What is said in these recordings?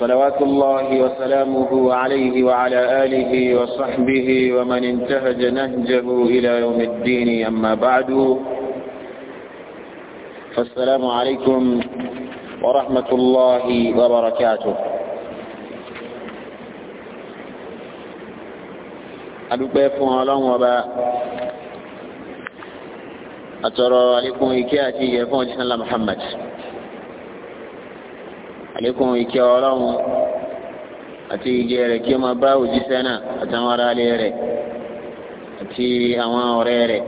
صلوات الله وسلامه عليه وعلى آله وصحبه ومن انتهج نهجه إلى يوم الدين أما بعد فالسلام عليكم ورحمة الله وبركاته adúpẹ́ fún ọlọ́run ọba àtọ̀rọ̀ أترى عليكم àti ìyẹ́ fún ọjísánlá muhammad àlékún ìkẹ́ ọlọ́run àti ìjẹ́ rẹ̀ kí ó máa bá òjíṣẹ́ náà àtàwọn ará ilé rẹ̀ àti àwọn ọ̀rẹ́ rẹ̀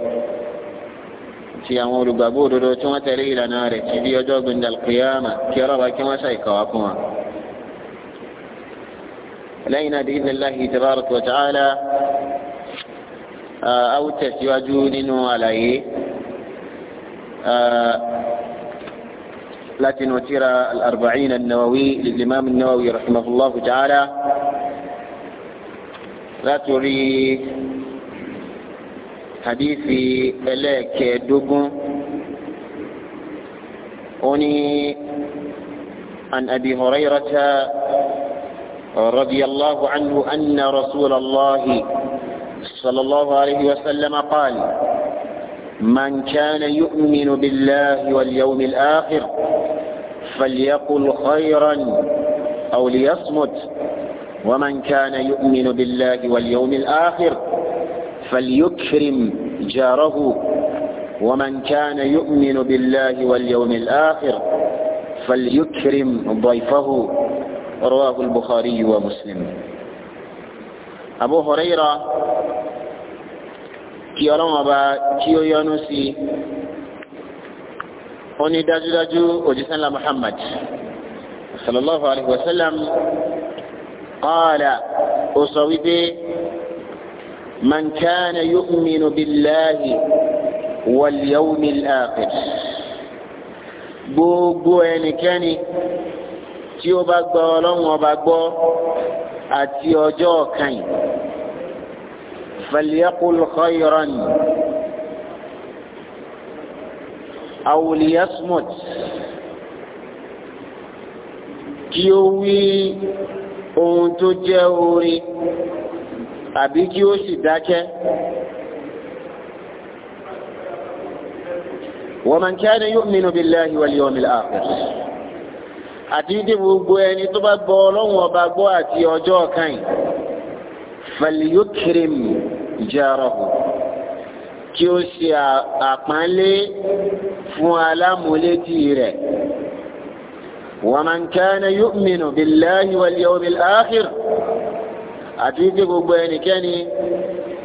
àti àwọn olùgbàgbọ́ òdodo tí wọ́n tẹ̀lé ìlànà rẹ̀ ti di ọjọ́ gbẹ̀ndà kìyàmà kí ọlọ́ba kí wọ́n ṣàìkàwá fún wa. lẹ́yìn náà bíi Allahi tabaraka wa ta'ala a ó nínú àlàyé. لكن وتيرة الأربعين النووي للإمام النووي رحمه الله تعالى لا تري حديثي إليك دوغون أني عن أبي هريرة رضي الله عنه أن رسول الله صلى الله عليه وسلم قال من كان يؤمن بالله واليوم الآخر فليقل خيرا أو ليصمت ومن كان يؤمن بالله واليوم الآخر فليكرم جاره ومن كان يؤمن بالله واليوم الآخر فليكرم ضيفه رواه البخاري ومسلم أبو هريرة kí ọlọ́run ọba kí ó yọ́nú sí i ó ní dájúdájú òjísánlá muhammad sallallahu alayhi wa sallam qala ó sọ wípé man kana yu'minu billahi wal yawmil gbogbo ẹnikẹ́ni tí ó bá gbọ́ ọlọ́run ọba gbọ́ àti ọjọ́ kan فليقل خيرا أو ليصمت kí ó wí ohun tó jẹ́ orin àbí kí ó sì dákẹ́ wa man kana yu'minu billahi wal yawmil akhir àti ìdí gbogbo ẹni tó bá gbọ́ Ọlọ́run ọba gbọ́ àti ọjọ́ kan falyukrim jarahu kí ó ṣe àpánlé fún alámúlétí rẹ̀ wa man kana yu'minu billahi wal yawmil akhir àti wípé gbogbo ẹnikẹ́ni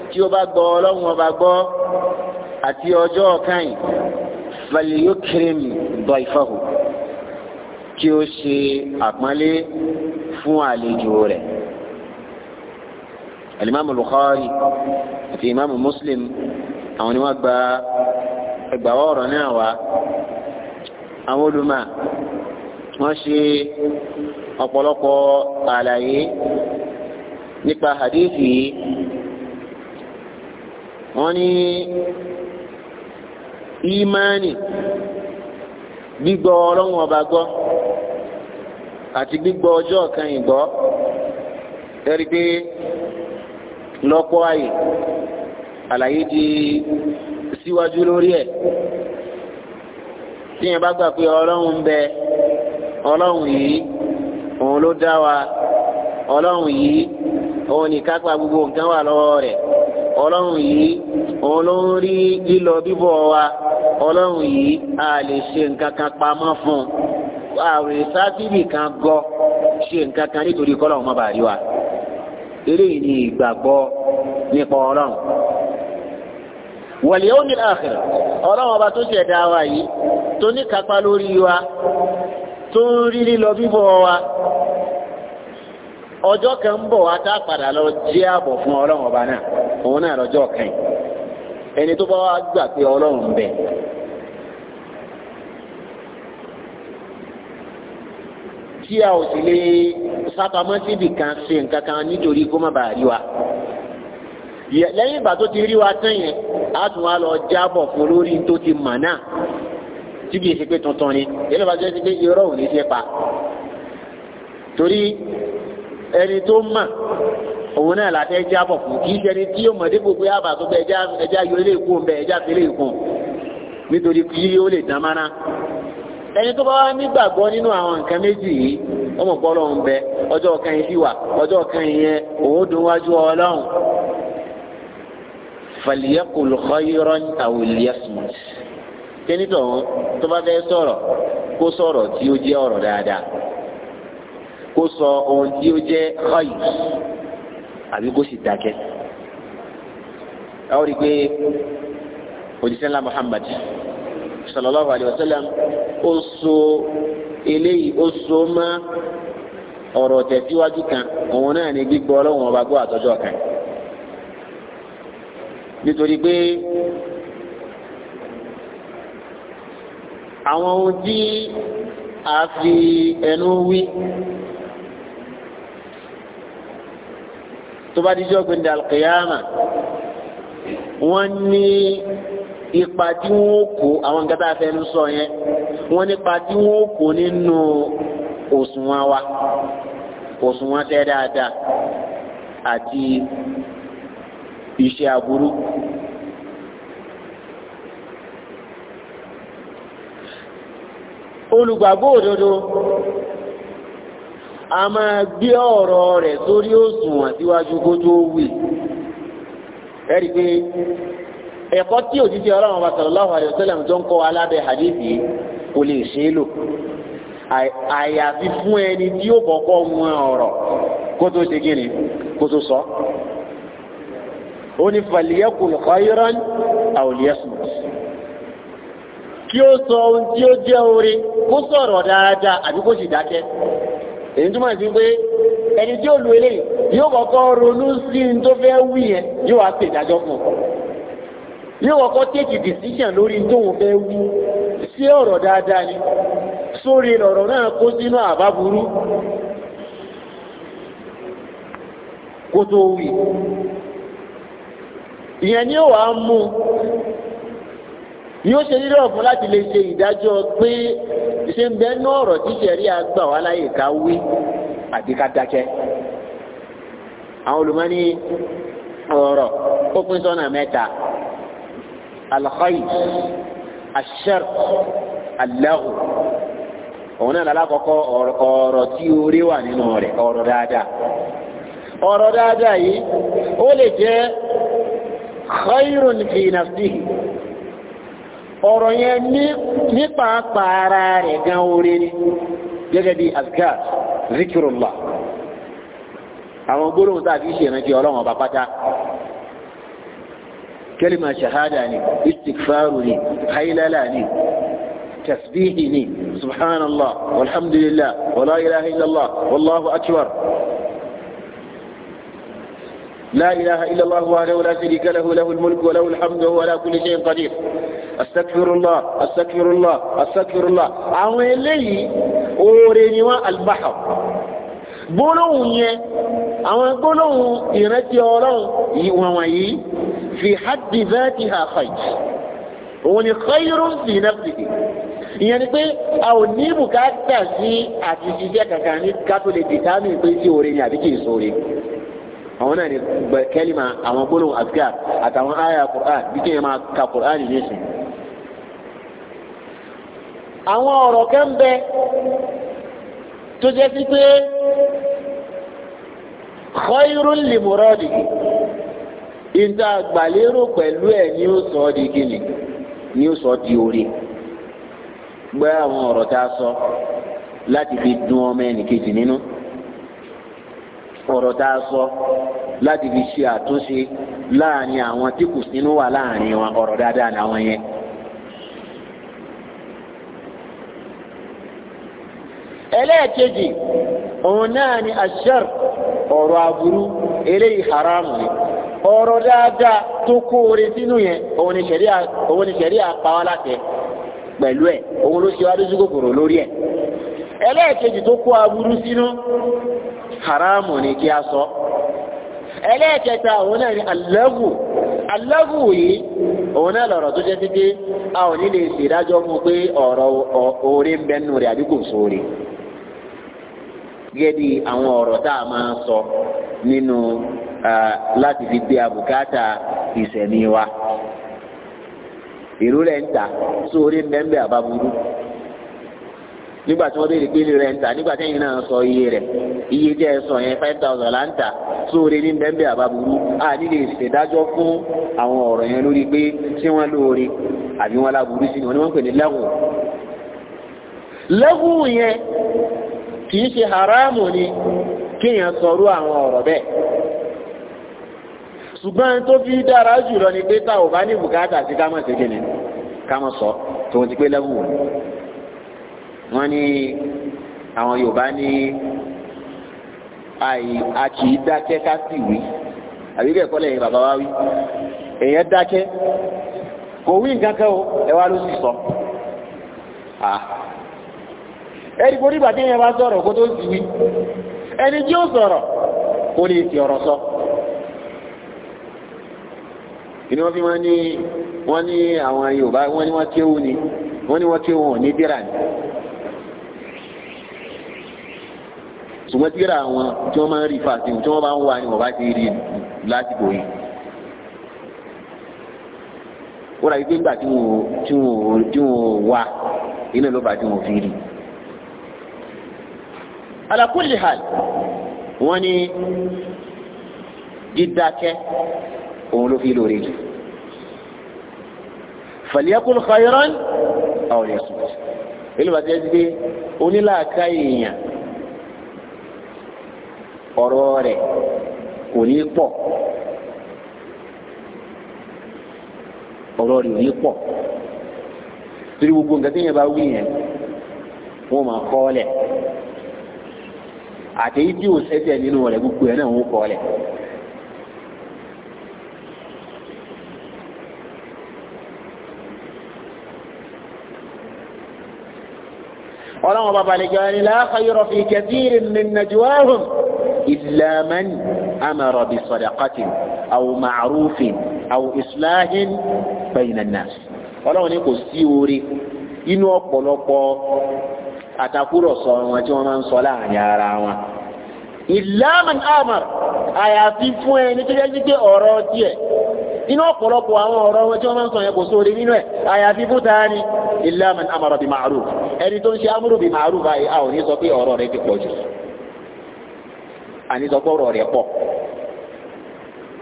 tí ó bá gbọ́ ọlọ́run ọba gbọ́ àti ọjọ́ kan falyukrim dayfahu kí ó ṣe àpánlé fún àlejò rẹ̀ alimami Bukhari àti imaamu Muslim àwọn ni wọ́n gba ẹgbàwọ́ ọ̀rọ̀ náà wá àwọn olùmọ̀ wọ́n ṣe ọ̀pọ̀lọpọ̀ àlàyé nípa hadithi yìí wọ́n ní ìmánì gbígbọ́ ọlọ́run ọba gbọ́ àti gbígbọ́ ọjọ́ kan ìgbọ́ ẹ̀rí pé lọ́pọ̀ àyè àlàyé di síwájú lórí ẹ̀ tí yẹn bá gbà pé ọlọ́run bẹ ọlọ́run yìí òun ló dá wa ọlọ́run yìí òun ní kápá gbogbo nǹkan wà lọ́wọ́ rẹ̀ ọlọ́run yìí òun ló ń rí lílọ bíbọ̀ wa ọlọ́run yìí a lè ṣe nǹkan kan pamọ́ fún un àwòrán sátìrì kan gọ ṣe nǹkan kan nítorí eléyìí ni ìgbàgbọ́ nípa ọlọ́run wal ni akhir ọlọ́run ọba tó ṣẹ̀dá wa yìí tó ní kápá lórí wa tó ń rí lílọ bíbọ̀ wa ọjọ́ kan bọ̀ wá padà lọ jẹ́ àbọ̀ fún ọlọ́run ọba náà òun náà lọ́jọ́ kan ẹni tó bá wá gbà pé ọlọ́run tí a ò sì lè sápamọ́ síbì kan ṣe nǹkan kan nítorí kó má bàa rí wa lẹ́yìn ìgbà tó ti rí wa tán yẹn a tún wá lọ jábọ̀ fún lórí tó ti mọ̀ náà tí kìí ṣe pé tuntun ni yẹlẹ bá jẹ́ sí pé irọ́ ò ní ṣe pa torí ẹni tó mọ̀ òun náà láti ẹja bọ̀ fún kìí ṣe ẹni tí yóò mọ̀ dípò pé àbàtò bẹ ẹja yọ ilé ìkó ń ẹja fi ilé ìkó nítorí kí ó lè dán mọ́ná ẹni tó bá wá nígbàgbọ́ nínú àwọn nǹkan méjì yìí ọmọ pọ́lọ́ ń bẹ ọjọ́ kan yìí wà ọjọ́ kan yẹn òun dùn wájú ọlọ́run falyaqul khayran aw liyasmut kẹ́ni tó ń tó bá fẹ́ sọ̀rọ̀ kó sọ̀rọ̀ tí ó jẹ́ ọ̀rọ̀ dáadáa kó sọ ohun tí ó jẹ́ khayr àbí kó sì dákẹ́ àwọn rí i pé òjíṣẹ́ ńlá Muhammad sallallahu alayhi wa sallam ó so eléyìí ó so mọ́ ọ̀rọ̀ tẹ̀síwájú kan òun náà ní gbígbọ́ ọlọ́run ọba gbọ́ àtọ́jọ́ kan nítorí pé àwọn ohun tí a fi ẹnu wí tó bá dijọ́ gbẹ̀ndẹ̀ alqiyama wọ́n ní ipa tí wọ́n kó àwọn nǹkan tá a fẹ́ ń sọ yẹn wọ́n nípa tí wọ́n kó nínú òṣùwọ̀n wa òṣùwọ̀n tẹ́ dáadáa àti iṣẹ́ aburú. olùgbàgbọ́ òdodo a máa gbé ọ̀rọ̀ rẹ̀ sórí òṣùwọ̀n síwájú kó tó wí ẹ̀rí pé ẹ̀kọ́ tí òjijì ọlọ́run ọba sallallahu alaihi wasallam tó ń kọ́ wa lábẹ́ hadithi kò lè ṣe é lò àyàfi fún ẹni tí ó kọ́kọ́ wọn ọ̀rọ̀ kó tó ṣe kíni kó tó sọ ó ní falyaqul khayran aw liyasmut kí ó sọ ohun tí ó jẹ́ orí kó sọ̀rọ̀ dáadáa àbí kó sì dákẹ́ èyí túmọ̀ sí pé ẹni tí ó lu eléyìí yóò kọ́kọ́ ronú sí ní tó fẹ́ wí yẹn yóò wá pè dájọ́ fún un yóò kọ́kọ́ tẹ́kì decision lórí tóun fẹ́ wí sí ọ̀rọ̀ dáadáa ni sórí ọ̀rọ̀ náà kó sínú àbá burú kó tó wí ìyẹn ni ó wàá mú yóò ṣe nílò ọ̀fun láti lè ṣe ìdájọ́ pé ṣe ń bẹ́ẹ̀ ní ọ̀rọ̀ tí ṣẹ̀rí àgbà ká wí ká dákẹ́ àwọn olùmọ́ ní ọ̀rọ̀ ó pín alkhair asher alahu òun náà lálákọ̀ọ́kọ́ ọ̀rọ̀ tí orí wà nínú rẹ̀ ọ̀rọ̀ dáadáa ọ̀rọ̀ dáadáa yìí ó lè jẹ́ khairun fi nafsihi ọ̀rọ̀ yẹn nípa pàára rẹ̀ gan orí ni gẹ́gẹ́ bí azkar zikirullah àwọn gbóròhùn tàbí ìṣẹ̀rẹ̀ كلمة شهادة استغفار حيلالاني لي سبحان الله والحمد لله ولا إله إلا الله والله أكبر لا إله إلا الله وهذا ولا شريك له له الملك وله الحمد وهو على كل شيء قدير أستغفر الله أستغفر الله أستغفر الله عوين لي أورينيوا البحر بولوني أما بولون إيرتي أورون إيوانوا في حد ذاتها خير، òun ni khayrun fi nafsihi ìyẹn ni pé a ò ní bùkátà sí àti ṣiṣẹ́ kankan ní kátó lè dìtámì pé sí oore ni àbí kì í sóore àwọn náà ni kẹ́límà àwọn gbólóhùn àfikà àtàwọn àyà Qur'an bí kí máa ka Qur'an yìí sùn. àwọn ọ̀rọ̀ kan tó jẹ́ sí pé khayrun li ìta àgbàlérò pẹ̀lú ẹ̀ ni ó sọ di kíni ni ó sọ di orí gbé àwọn ọ̀rọ̀ a sọ láti fi dùn ọmọ ẹnìkejì nínú ọ̀rọ̀ tá a sọ láti fi ṣe àtúnṣe láàrin àwọn tí kù sínú wà láàrin wọn ọ̀rọ̀ dáadáa làwọn yẹn. ẹlẹ́ẹ̀kejì òun náà ni àṣẹ́r ọ̀rọ̀ aburú eléyìí haramu ni. ọ̀rọ̀ dáadáa tó kó orin sínú yẹn òun ni ṣẹ̀ríà òun ni láti pẹ̀lú ẹ̀ òun ló ṣe wá lójú lórí ẹ̀ ẹlẹ́ẹ̀kejì tó kó aburú sínú haramu ni kí a sọ ẹlẹ́ẹ̀kẹta òun náà ni alágù alágù yìí òun náà lọ̀rọ̀ tó jẹ́ títí a ò láti fi gbé àbùkátà ìsẹ̀mí wa ìlú rẹ̀ ń ta sórí mẹ́mbẹ́ àbábúrú nígbà tí wọ́n béèrè pé ilé rẹ̀ ń ta nígbà tí ẹ̀yin náà sọ iye rẹ̀ iye jẹ́ ẹ sọ yẹn five thousand là ń ta sóore ní bẹ́ẹ̀nbẹ́ẹ́ àbábúrú a nílè ṣèdájọ́ fún àwọn ọ̀rọ̀ yẹn lórí pé ṣé wọ́n lóore àbí wọ́n láburú sí ni wọ́n ní wọ́n pè ní lẹ́wù. lẹ́wù yẹn kì í ṣe haramu ni kéèyàn sọrú àwọn ọ̀rọ̀ bẹ́ẹ̀ ṣùgbọ́n tó fi dára jùlọ ni pé tá ò bá ní bùkátà sí ká mọ̀ sí kí ni ká mọ̀ sọ tó ti pé lẹ́wù wọn ní àwọn Yorùbá ní àì a dákẹ́ ká sì wí àbí bẹ́ẹ̀ kọ́ lẹ́yìn bàbá wa wí èèyàn dákẹ́ kò wí nǹkan kan o ẹ wá ló sì sọ ẹni kò rí bàtí èèyàn bá sọ̀rọ̀ kó tó sì wí ẹni tí ó sọ̀rọ̀ kó lè fi ọ̀rọ̀ sọ. So ìní wọ́n fi wọ́n ní wọ́n ní àwọn Yorùbá wọ́n ní wọ́n kéwú ni wọ́n ní wọ́n kéwú wọn ní dírà ni ṣùgbọ́n dírà wọn tí wọ́n máa ń rí fàṣẹ tí wọ́n bá ń wà ní wọ́n bá ti rí lásìkò yìí ó ra ibi ńgbà tí wọn ò wá iná ló bá tí wọn fi rí ala wọ́n ní dídákẹ́ òun ló fi lóore jù falyakun khayran aw liyasmut elúbàtí ẹ ti dé onílàáká èèyàn ọ̀rọ̀ rẹ̀ kò ní pọ̀ ọ̀rọ̀ rẹ̀ ò ní pọ̀ torí gbogbo nǹkan tí yẹn bá wí yẹn wọ́n máa kọ́ ọ́ lẹ̀ àtẹ̀yí tí ò sẹ́sẹ̀ nínú rẹ̀ gbogbo ẹ̀ náà wọ́n kọ́ ọ́ lẹ̀. ọlọ́run bàbá lè gbára ní la khayra fi kathirin min najwahum illa man amara bi sadaqatin aw ma'rufin aw islahin bayna an-nas ọlọ́run ní kò sí oore inú ọ̀pọ̀lọpọ̀ àtakúrọ̀sọ wọn tí wọ́n máa ń sọ láàrin ara wọn illa man àyàfi fún ẹni tó jẹ́ pé ọ̀rọ̀ tiẹ̀ inú ọ̀pọ̀lọpọ̀ àwọn ọ̀rọ̀ wọn tí wọ́n máa ń sọ yẹn kò sóore nínú ẹ̀ àyàfi fún ta ni illa man amara ẹni tó ń ṣe amúrò bíi màálù báyìí a ò ní sọ pé ọ̀rọ̀ rẹ̀ ti pọ̀ jù àní sọ pé ọ̀rọ̀ rẹ̀ pọ̀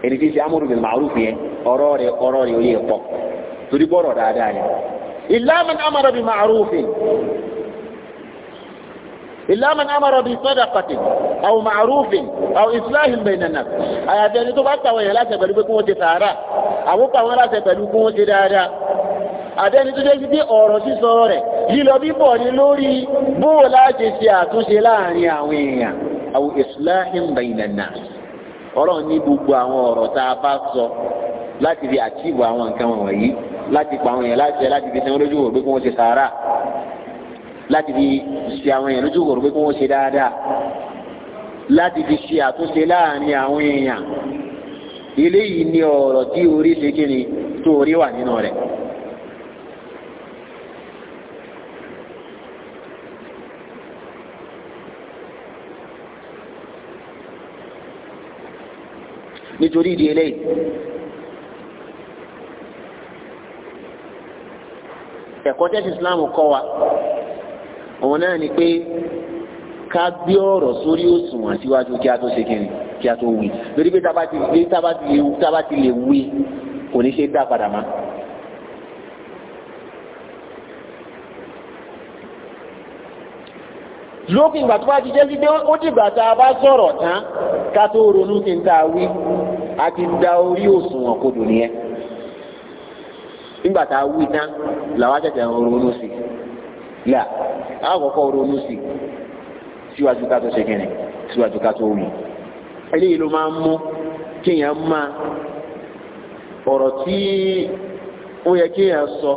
ẹni tí ń ṣe amúrò bíi màálù fi yẹn ọ̀rọ̀ rẹ̀ ọ̀rọ̀ rẹ̀ ò lè pọ̀ torí bọ́rọ̀ dáadáa ni. ìlànà amúrò bíi màálù fi إلا من أمر بصدقة أو معروف أو إصلاح بين الناس àyàfi ẹni tó bá tàwọn èèyàn láṣẹ pẹ̀lú pé kí wọ́n ti sàárà àwọn pàwọn láṣẹ pẹ̀lú kí ẹni tó jẹ́ sí pé ọ̀rọ̀ sísọ lílọ bíbọ̀ ni lórí bóò láti ṣe àtúnṣe láàrin àwọn èèyàn àwọn islahim bainana ọ̀rọ̀ ní gbogbo àwọn ọ̀rọ̀ tá a bá sọ láti fi àtìbò àwọn nǹkan wọ̀nyí láti pa àwọn èèyàn láti láti fi sanwó lójú òrùgbé kí wọ́n ṣe sàárà láti fi ṣe àwọn èèyàn lójú òrùgbé kí wọ́n ṣe dáadáa láti fi ṣe àtúnṣe láàrin àwọn èèyàn eléyìí ni ọ̀rọ̀ tí orí ṣe kí ni tó orí wà nínú rẹ̀. nítorí ìdí eléyìí. ẹ̀kọ́ tẹ́sí Islam kọ́ wa òun náà ni pé ká gbé ọ̀rọ̀ sórí òṣùwọ̀n síwájú kí a tó ṣe kiri kí a tó wí lórí pé tába ti lè tába ti lè wí kò ní ṣe dá padà mọ́. lópin ìgbà tó bá ti jẹ́ sí pé ó dìgbà tá a bá sọ̀rọ̀ tán ká tó ronú kí n tá wí Ati ti da orí òṣùwọ̀n kodò nìyẹn nígbà tá a wí tán làwọn àjẹjẹ ronú sí i là àwọn kọ́kọ́ ronú sí i síwájú ká tó ṣe kẹ́ni síwájú ká tó wí eléyìí ló máa ń mú kéèyàn máa ọ̀rọ̀ tí ó yẹ kéèyàn sọ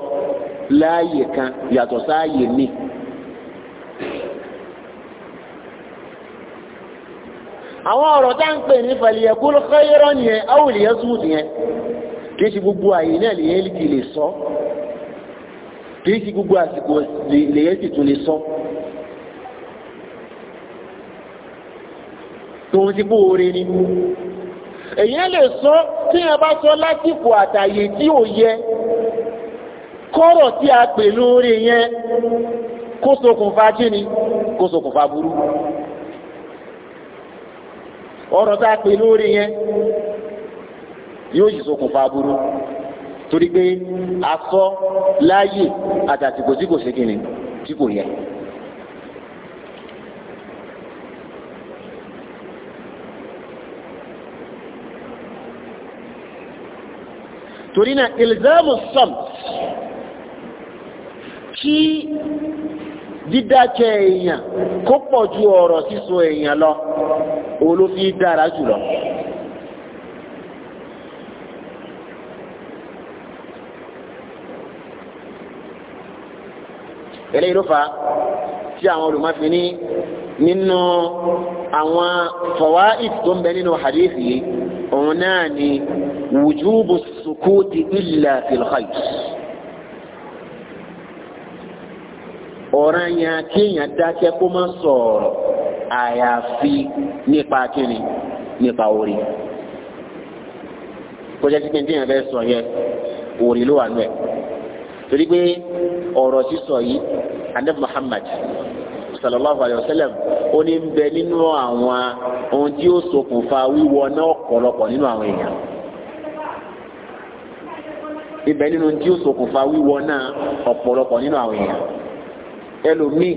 láàyè kan yàtọ̀ sáàyè míì. àwọn ọ̀rọ̀ tá ń pè ní fàlìyàkúlù kọ́yọ́rọ́ nìyẹn áwùlìyẹ sùn nìyẹn kìí ṣe gbogbo àyè náà lèyẹ ti lè sọ kìí ṣe gbogbo àsìkò lèyẹ sì tún lè sọ tòun ti bó oore ni èyàn lè sọ tí yẹn bá sọ lásìkò àtàyè tí ò yẹ kọ́rọ̀ tí a pè lóore yẹn kó ṣokùnfà kíni kó ṣokùnfà burú ọ̀rọ̀ tá a pè lórí yẹn yóò yìí ṣokùnfà aburú torí pé asọ láàyè àtàtìkò tí kò ṣe kìnnì tí kò yẹ. torí náà ilzamu sọm kí dídákẹ́ èèyàn kó pọ̀ ju ọ̀rọ̀ sísọ èèyàn lọ olófin dára jùlọ eléyìí ló fà á tí àwọn olùmọ́fin ní nínú àwọn fawaid tó ń bẹ nínú hadith yìí òun náà ni wujubu sukuti illa fil ọ̀rọ̀ yẹn kéèyàn dákẹ́ kó sọ̀rọ̀ àyàfi nípa kíni nípa orí kó jẹ́ kíkẹ́ sọ yẹ orí ló wà nù torí pé ọ̀rọ̀ sísọ yìí anabi Muhammad sallallahu alayhi wa sallam ó ní bẹ nínú àwọn ohun tí ó ṣokùnfà wíwọ náà ọ̀pọ̀lọpọ̀ nínú àwọn èèyàn ibẹ̀ nínú tí ó ṣokùnfà wíwọ náà ọ̀pọ̀lọpọ̀ nínú ẹlòmíì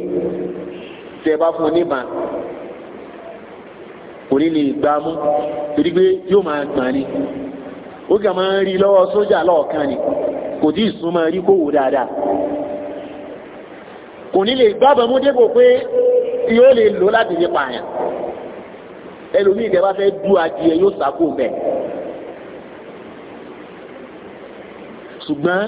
tẹ bá fún un níbà kò ní lè gbá mú torí pé yóò máa gbọ̀n ni ó kà máa ń rí lọ́wọ́ sójà lọ́ọ̀kan ni kò tí ì súnmọ́ rí kó wò dáadáa kò ní lè gbábọ̀ mú dépò pé yóò lè lò láti lè pààyàn ẹlòmíì tẹ bá fẹ́ du adìẹ yóò sàkó mẹ́ ṣùgbọ́n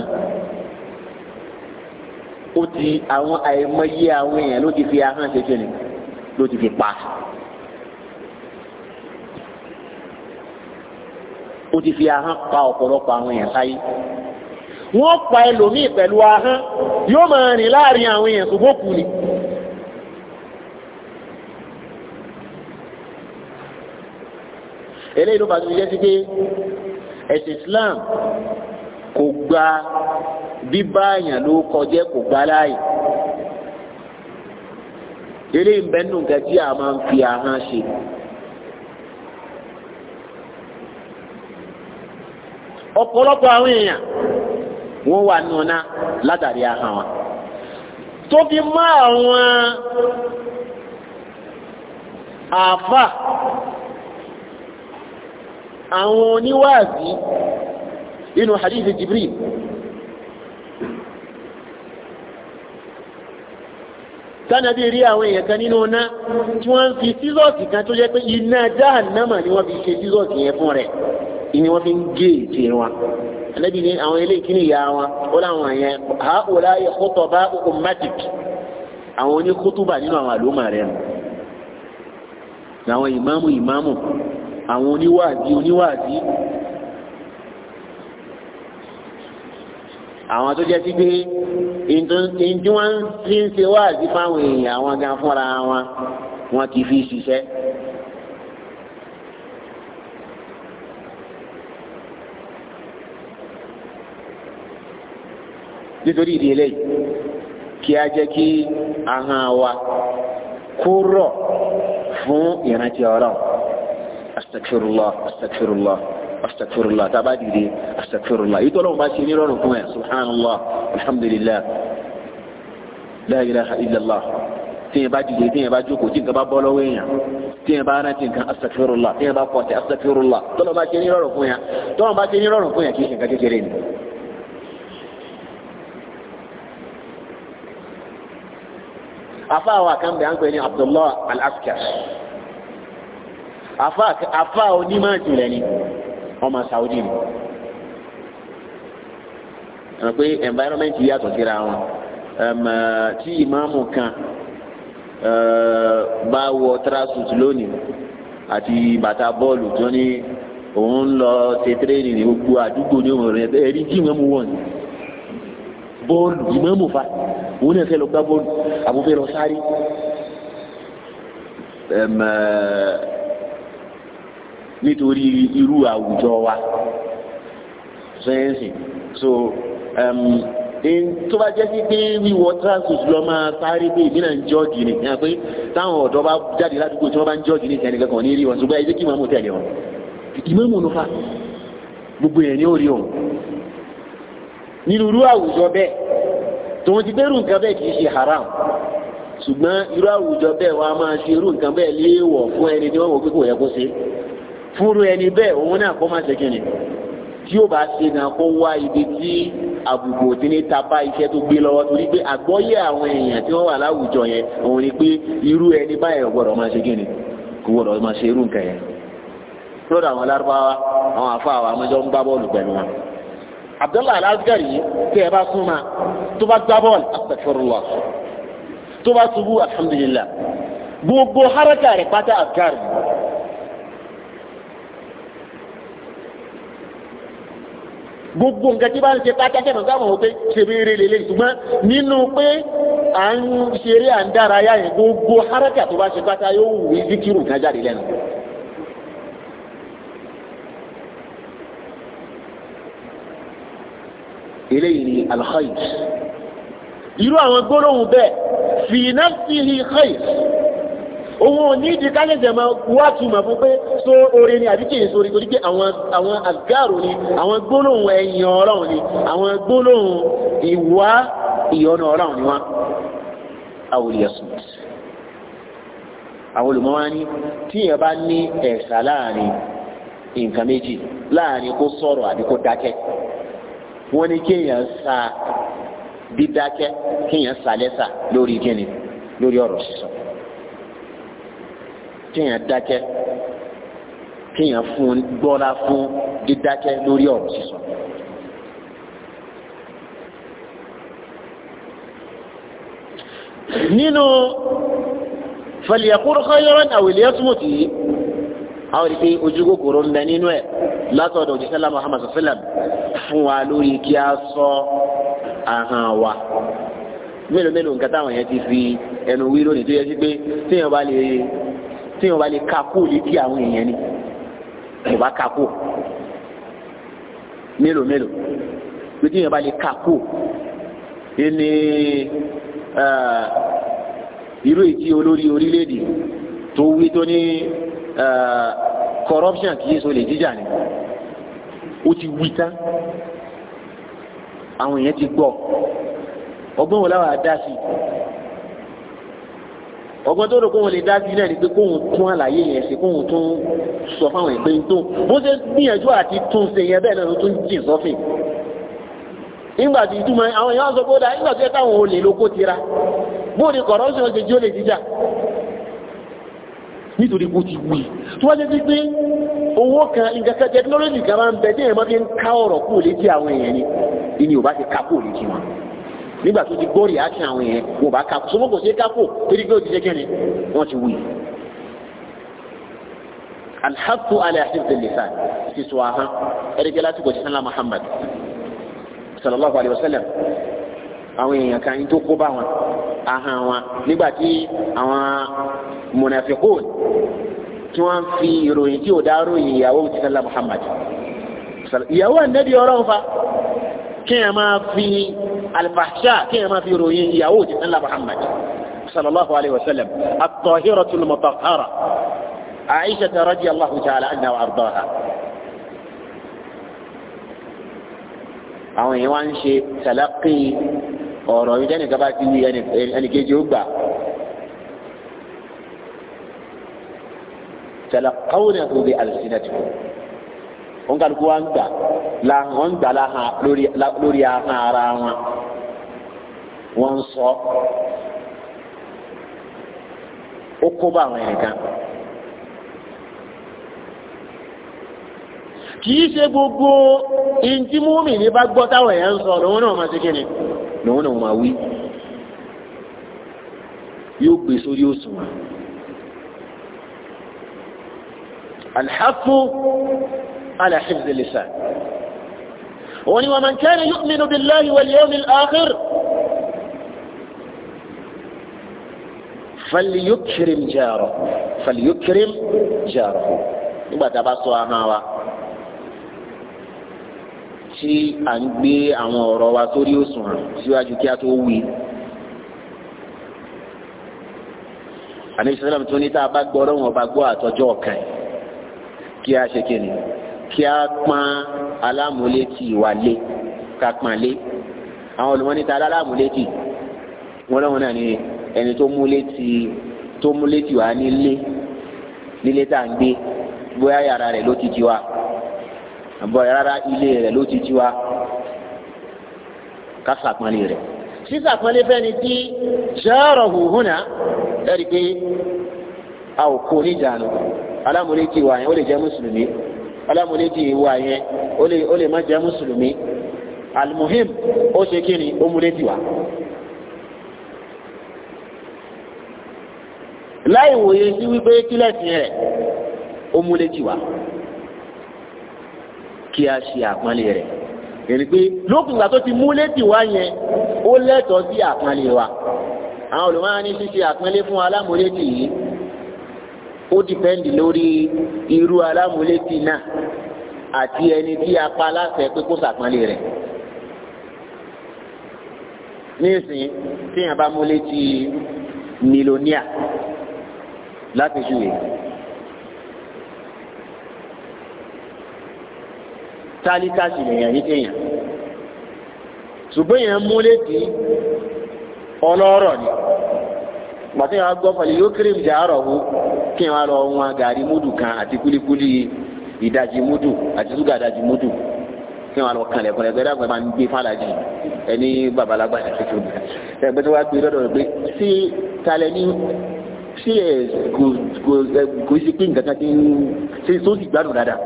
ó ti àwọn àìmọye àwọn èèyàn ló ti fi ahọ́n ṣe kí ni ló ti fi pa. ó ti fi ahọ́n pa ọ̀pọ̀lọpọ̀ àwọn èèyàn sáyé wọ́n pa ẹlòmíì pẹ̀lú ahọ́n yóò máa rìn láàrin àwọn èèyàn ṣùgbọ́n kù ni. eléyìí ló bá tún jẹ́ sí pé ẹ̀sìn Islam kò gba bíbá àyàn ló kọjá kò gbá láàyè eléyìí bẹ́ẹ̀ nù nǹkan tí a máa ń fi ahọ́n ṣe. ọ̀pọ̀lọpọ̀ àwọn èèyàn wọ́n wà nùnà látàrí ahọ́n wa tó fi mọ́ àwọn àáfà àwọn oníwàásí nínú hadithi Jibril. tánàbí rí àwọn èèyàn kan nínú iná tí wọ́n ń fi sísọ́ọ̀sì kan tó jẹ́ pé iná jahannama ni wọ́n fi ṣe sísọ́ọ̀sì yẹn fún rẹ̀ ni wọ́n fi ń gé ètè wọn anabi ni àwọn eléyìí kí ni ìyá wọn ó láwọn yẹn ha ó láyé kótó bá ummatik àwọn oníkútùbà nínú àwọn àlùmọ̀ rẹ̀ nù àwọn ìmáàmù ìmáàmù àwọn oníwàdí oníwàdí àwọn tó jẹ́ sí pé ndị wọ́n ti ń ṣe wáàzí fáwọn èèyàn àwọn gan fúnra wọn wọn kì í fi ṣiṣẹ́. nítorí ìdí eléyìí kí a jẹ́ kí ahọ́n wa kó rọ̀ fún ìrántí ọ̀rọ̀ astagfirullah astagfirullah tába dìde astagfirullah yìí tọ́lọ́wọ́n bá ṣe nírọ̀rùn fún ẹ subhanallah alhamdulilah la ilaha illallah tíyẹn bá dìde tíyẹn bá jókòó tí nǹkan bá bọ́ lọ́wọ́ èèyàn tíyẹn bá rántí nǹkan astagfirullah tíyẹn bá kọ̀ọ̀tẹ̀ astagfirullah tọ́lọ́wọ́n bá ṣe nírọ̀rùn fún yẹn tọ́lọ́wọ́n bá ṣe nírọ̀rùn fún yẹn kì í ṣe nǹkan kékeré ni. afa wa kan bẹ an pè ní al-Askar afa onímọ̀ jùlẹ̀ ni ọmọ Saudi ni ẹ̀mọ̀ pé environment yìí yàtọ̀ síra wọn tí ìmáàmù kan bá wọ trasus lónìí àti bàtà bọ́ọ̀lù tó ní òun lọ ṣe tírénì ní gbogbo àdúgbò ní òun rẹ ẹ̀rí tí ìmáàmù wọ̀ ni bọ́ọ̀lù ìmáàmù fa òun náà fẹ́ lọ gbá bọ́ọ̀lù àbúfẹ́ lọ sáré nítorí irú àwùjọ wa sẹ́yìnsì so um, tó bá jẹ́ sí pé wíwọ transus lọ máa sáré pé ìdí ń jọ́ọ̀jì ni yàrá pé táwọn ọ̀dọ́ bá jáde ládùúgbò tí wọ́n bá ń jọ́ọ̀jì ní ìsẹ́ni kankan ní rí wọn ṣùgbọ́n ẹ̀jẹ̀ kí màmú tẹ̀lé wọn ìmọ̀mù ló fà gbogbo ẹ̀ ní orí òun nínú irú àwùjọ bẹ́ẹ̀ tòun ti bẹ́rù nǹkan bẹ́ẹ̀ kì í ṣe haram ṣùgbọ́n irú àwùjọ bẹ́ẹ̀ wọ́n á máa ṣe irú nǹkan bẹ́ẹ̀ léèwọ̀ fún ẹni tí wọ́n wò pé kò yẹ kó ṣe fúru ẹni bẹ́ẹ̀ òun náà kó má ṣe kí ni tí ó bá ṣe náà kó wá ibi tí àbùkù tí ní tapa iṣẹ́ tó gbé lọ́wọ́ torí pé àgbọ́yé àwọn èèyàn tí wọ́n wà láwùjọ yẹn òun ni pé irú ẹni báyìí ọ̀gbọ́dọ̀ máa ṣe kí ni kò gbọ́dọ̀ máa ṣe irú nǹkan yẹn lọ́dọ̀ àwọn alárúbáwá àwọn àfa àwọn amẹjọ ń gbá bọ́ọ̀lù pẹ̀lú wọn. Abdullahi al yìí tẹ́ ẹ bá sún ma tó bá gbá bọ́ọ̀lù astaghfirullah tó bá ṣubú alhamdulillah gbogbo haraka rẹ̀ pátá àgàrì gbogbo nǹkan tí bá ń ṣe pátákẹ́ mọ̀ sáwọn òpé ṣèbí rere lè ṣùgbọ́n nínú pé à ń ṣeré à ń dárayá yẹn gbogbo haraka tó bá ṣe pátá yóò wù í díkìrù kan jáde lẹ́nu. eléyìí ni alkhayr irú àwọn gbólóhùn bẹ́ẹ̀ fi nafsihi khayr òun ò ní ìdí kálẹ̀jẹ̀ máa wá túmọ̀ fún pé so oore ni àbí kìí sórí torí pé àwọn àwọn àgárò ni àwọn gbólóhùn ẹ̀yìn ọlọ́run ni àwọn gbólóhùn ìwà ìyọnu ọlọ́run ni wọn. àwọn olùmọ̀ wa ní tí èèyàn bá ní ẹ̀sà láàrin nǹkan méjì láàrin kó sọ̀rọ̀ àbí kó dákẹ́ wọ́n ní kéèyàn sa dídákẹ́ kéèyàn sa lẹ́sà lórí kíni lórí ọ̀rọ̀ sísọ kéèyàn dákẹ́ kéèyàn fún gbọ́lá fún dídákẹ́ lórí ọ̀rọ̀ sísọ. nínú fẹlẹ̀kúrú khayran aw liyasmut yìí àwọn ìpè ojú kòkòrò ń bẹ nínú ẹ̀ látọ̀dọ̀ òjíṣẹ́ lá Muhammad sallam fún wa lórí kí a sọ ahọ́n wa mélòó mélòó nǹkan táwọn yẹn ti fi ẹnu wí lónìí tó yẹ sí pé téèyàn bá lè tí wọn bá lè ka kó létí àwọn èèyàn ni wọn bá ka kó mélòó mélòó létí wọn bá lè ka kó ẹni irú ètí olórí orílẹ̀-èdè tó wí tó ní corruption kì í so lè jíjà ni ó ti wí tán àwọn èèyàn ti gbọ́ ọgbọ́n wo láwọn adá ọgbọ́n tó rò kó wọn lè dá sí náà ni pé kóun tún àlàyé yẹn ṣe kóun tún sọ fáwọn ìpè tó bó ṣe gbìyànjú àti tún ṣe yẹn bẹ́ẹ̀ náà ló tún jìn sọ́fìn nígbà tí ìtumọ̀ àwọn èèyàn sọ pé ó dáa nígbà tí táwọn olè lóko tira bóun ni corruption ṣe jí ó lè jíjà nítorí bó ti wù í tó wájú sí pé owó kan nǹkan kan technology kan máa ń bẹ tí èèyàn máa fi ń ká ọ̀rọ̀ kúrò létí àwọn èèyàn ni ìní ò bá ti ká kúrò létí wọn nígbà tó ti gbórí àti àwọn yẹn wọn bá kápò sọmọ kò sí kápò torí pé ó ti jẹ kẹ́ni wọ́n ti wí. alḥafu ala hifdhi lisan sísọ ahọ́n ẹ̀rẹ́gẹ́ láti kò sí sanla muhammad sallallahu alayhi wa sallam àwọn èèyàn kan tó kó bá wọn ahọ́n wọn nígbà tí àwọn munafikun tí wọ́n fi ìròyìn tí ò dá ròyìn ìyàwó ti sanla muhammad ìyàwó ànábì ọ̀rọ̀ nfa kí ẹ máa fi alfahṣà kí ẹ máa fi ròyìn ìyàwó òjijì ńlá Muhammad sallallahu alayhi wa sallam at-tahiratul mutahhara Aisha radiyallahu ta'ala anha wa ardaha. àwọn èèyàn wá ń ṣe tàlákì ọ̀rọ̀ yìí dẹ́nìkan bá ti wí ẹnìkejì ó gbà. tàlákàwọ́nà ń gbà láhàn lórí ara wọn wọ́n ń sọ ó kó bá àwọn ẹnìkan. kìí ṣe gbogbo ìntí múmi ní bá gbọ́ táwọn èèyàn ń sọ lòun náà máa ṣe kí ni lòun náà máa wí yóò gbé sórí òṣùwọ̀n alhafu ala hifzi lisan wọ́n ní wa man kana yu'minu billahi wal yawmil akhir falyukrim jaro falyukrim jaro nígbà tá a bá sọ ahọ́n wa tí à ń gbé àwọn ọ̀rọ̀ wa sórí òṣùwọ̀n síwájú kí a tó wí. àní ìsìlámù tó ní tá a bá gbọ́ ọlọ́run ọba gbọ́ àtọ́jọ́ ọ̀kan kí a ṣe kíni kí a pọ́n alámúlétì wa lé ká pọ́n lé àwọn olùmọ́ni ta alámúlétì wọn lọ́wọ́ náà nìyẹn ẹni tó mú létí tó mú létí wá nílé nílé tá à ń gbé bóyá yàrá rẹ̀ ló ti jí wa bóyá rárá ilé rẹ̀ ló ti jí wa ká sàpọ́nlé rẹ̀ sísàpọ́nlé fẹ́ni tí ṣẹ́ọ̀rọ̀ hùhùn náà pé a ò kó níjànú alámúlétí wa yẹn ó lè jẹ́ mùsùlùmí alámúlétí wa yẹn ó lè má jẹ́ mùsùlùmí alimuhim ó ṣe kí ni ó múlétí wa. láì wòye sí wípé kílẹ̀sì rẹ̀ ó múlé jì wá kí a ṣe àpọ́nlé rẹ̀ èrè pé lókùn ìgbà tó ti múlé jì wá yẹn ó lẹ́tọ̀ọ́ sí àpọ́nlé wa àwọn olùmọ̀ràn ní ṣíṣe àpọ́nlé fún alámúlétì yìí ó dìpẹ́ndì lórí irú alámúlétì náà àti ẹni tí a pa láṣẹ pé kó ṣàpọ́nlé rẹ̀ nísìnyí téèyàn bá múlé ti mílíọ̀nìà láti júwe. tálíkà sì lèèyàn ní kéèyàn ṣùgbọ́n èèyàn mú létí ọlọ́rọ̀ ni pàtó yàrá gbọ́ pẹ̀lú yóò kéré ìjà àárọ̀ wo kí wọn lọ wọn gàrí múdù kan àti kúlíkúlí ìdajì múdù àti ṣúgà ìdajì múdù kí wọn lọ kàn lẹ́kọ̀ọ́ lẹ́gbẹ́ dàgbẹ́ máa ń gbé fàlàjì ẹni babalagba ẹ̀ṣẹ̀ tó gbẹ tó wá gbé lọ́dọ̀ rẹ̀ pé sí talẹ́ ní ṣé ẹ kò kò kò ṣe pé nǹkan kan ti ń ṣe tó sì gbádùn dáadáa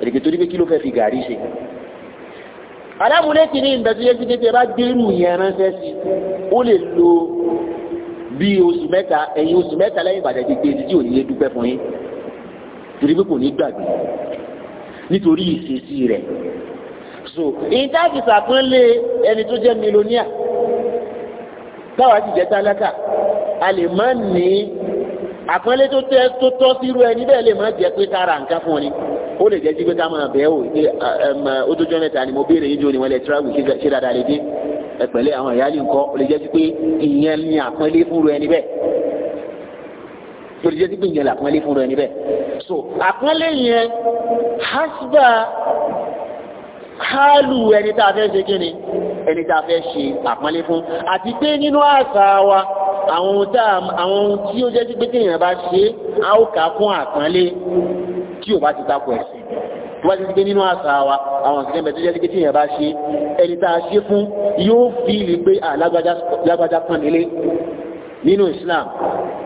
ẹ̀dẹ̀gẹ̀ torí pé kí ló fẹ́ fi gàrí ṣe alámúlé kìíní ìbẹ̀túyé ti kéde bá gbérù yẹn ránṣẹ́ sí ó lè lo bí oṣù mẹ́ta ẹ̀yìn oṣù mẹ́ta lẹ́yìn ìbàdàn ti gbé títí òní lé dúpẹ́ fún yín torí pé kò ní gbàgbé nítorí ìṣesí rẹ̀ so ìtàkì sàpọ́nlé ẹni tó jẹ́ mílíọ̀nìà táwa sì jẹ́ tálákà a lè má ní àpọ́nlé tó tẹ́ tó tọ́ sírú ẹni bẹ́ẹ̀ lè má jẹ́ pé kára nǹkan fún ni ó lè jẹ́ sí pé ká bẹ́ẹ̀ o ṣe ojoojọ́ mẹ́ta ni mo béèrè yín jó ni wọ́n lè tíráwì ṣe dáadáa lè dé ẹ̀pẹ̀lẹ́ àwọn ìyáálé nǹkan ó lè jẹ́ sí pé ìyẹn ni àpọ́nlé fúnru ẹni bẹ́ẹ̀ torí jẹ́ dígbò yẹn làpọ́nlé fún rẹ níbẹ̀. so àpọ́nlé yẹn hasba hálù ẹni tá a fẹ́ ṣe kí ni ẹni tá a fẹ́ ṣe àpọ́nlé fún àti pé nínú àṣà wa àwọn ohun tá àwọn ohun tí ó jẹ́ pé téèyàn bá ṣe á ó kà á fún àpọ́nlé tí ò bá ti takò ẹ̀sìn tó bá ti gbé nínú àṣà wa àwọn ìṣẹ́ mẹ́tọ́ jẹ́ pé téèyàn bá ṣe ẹni tá a ṣe fún yóò fi lè pé àlágbájá pọ́n nílé nínú Islam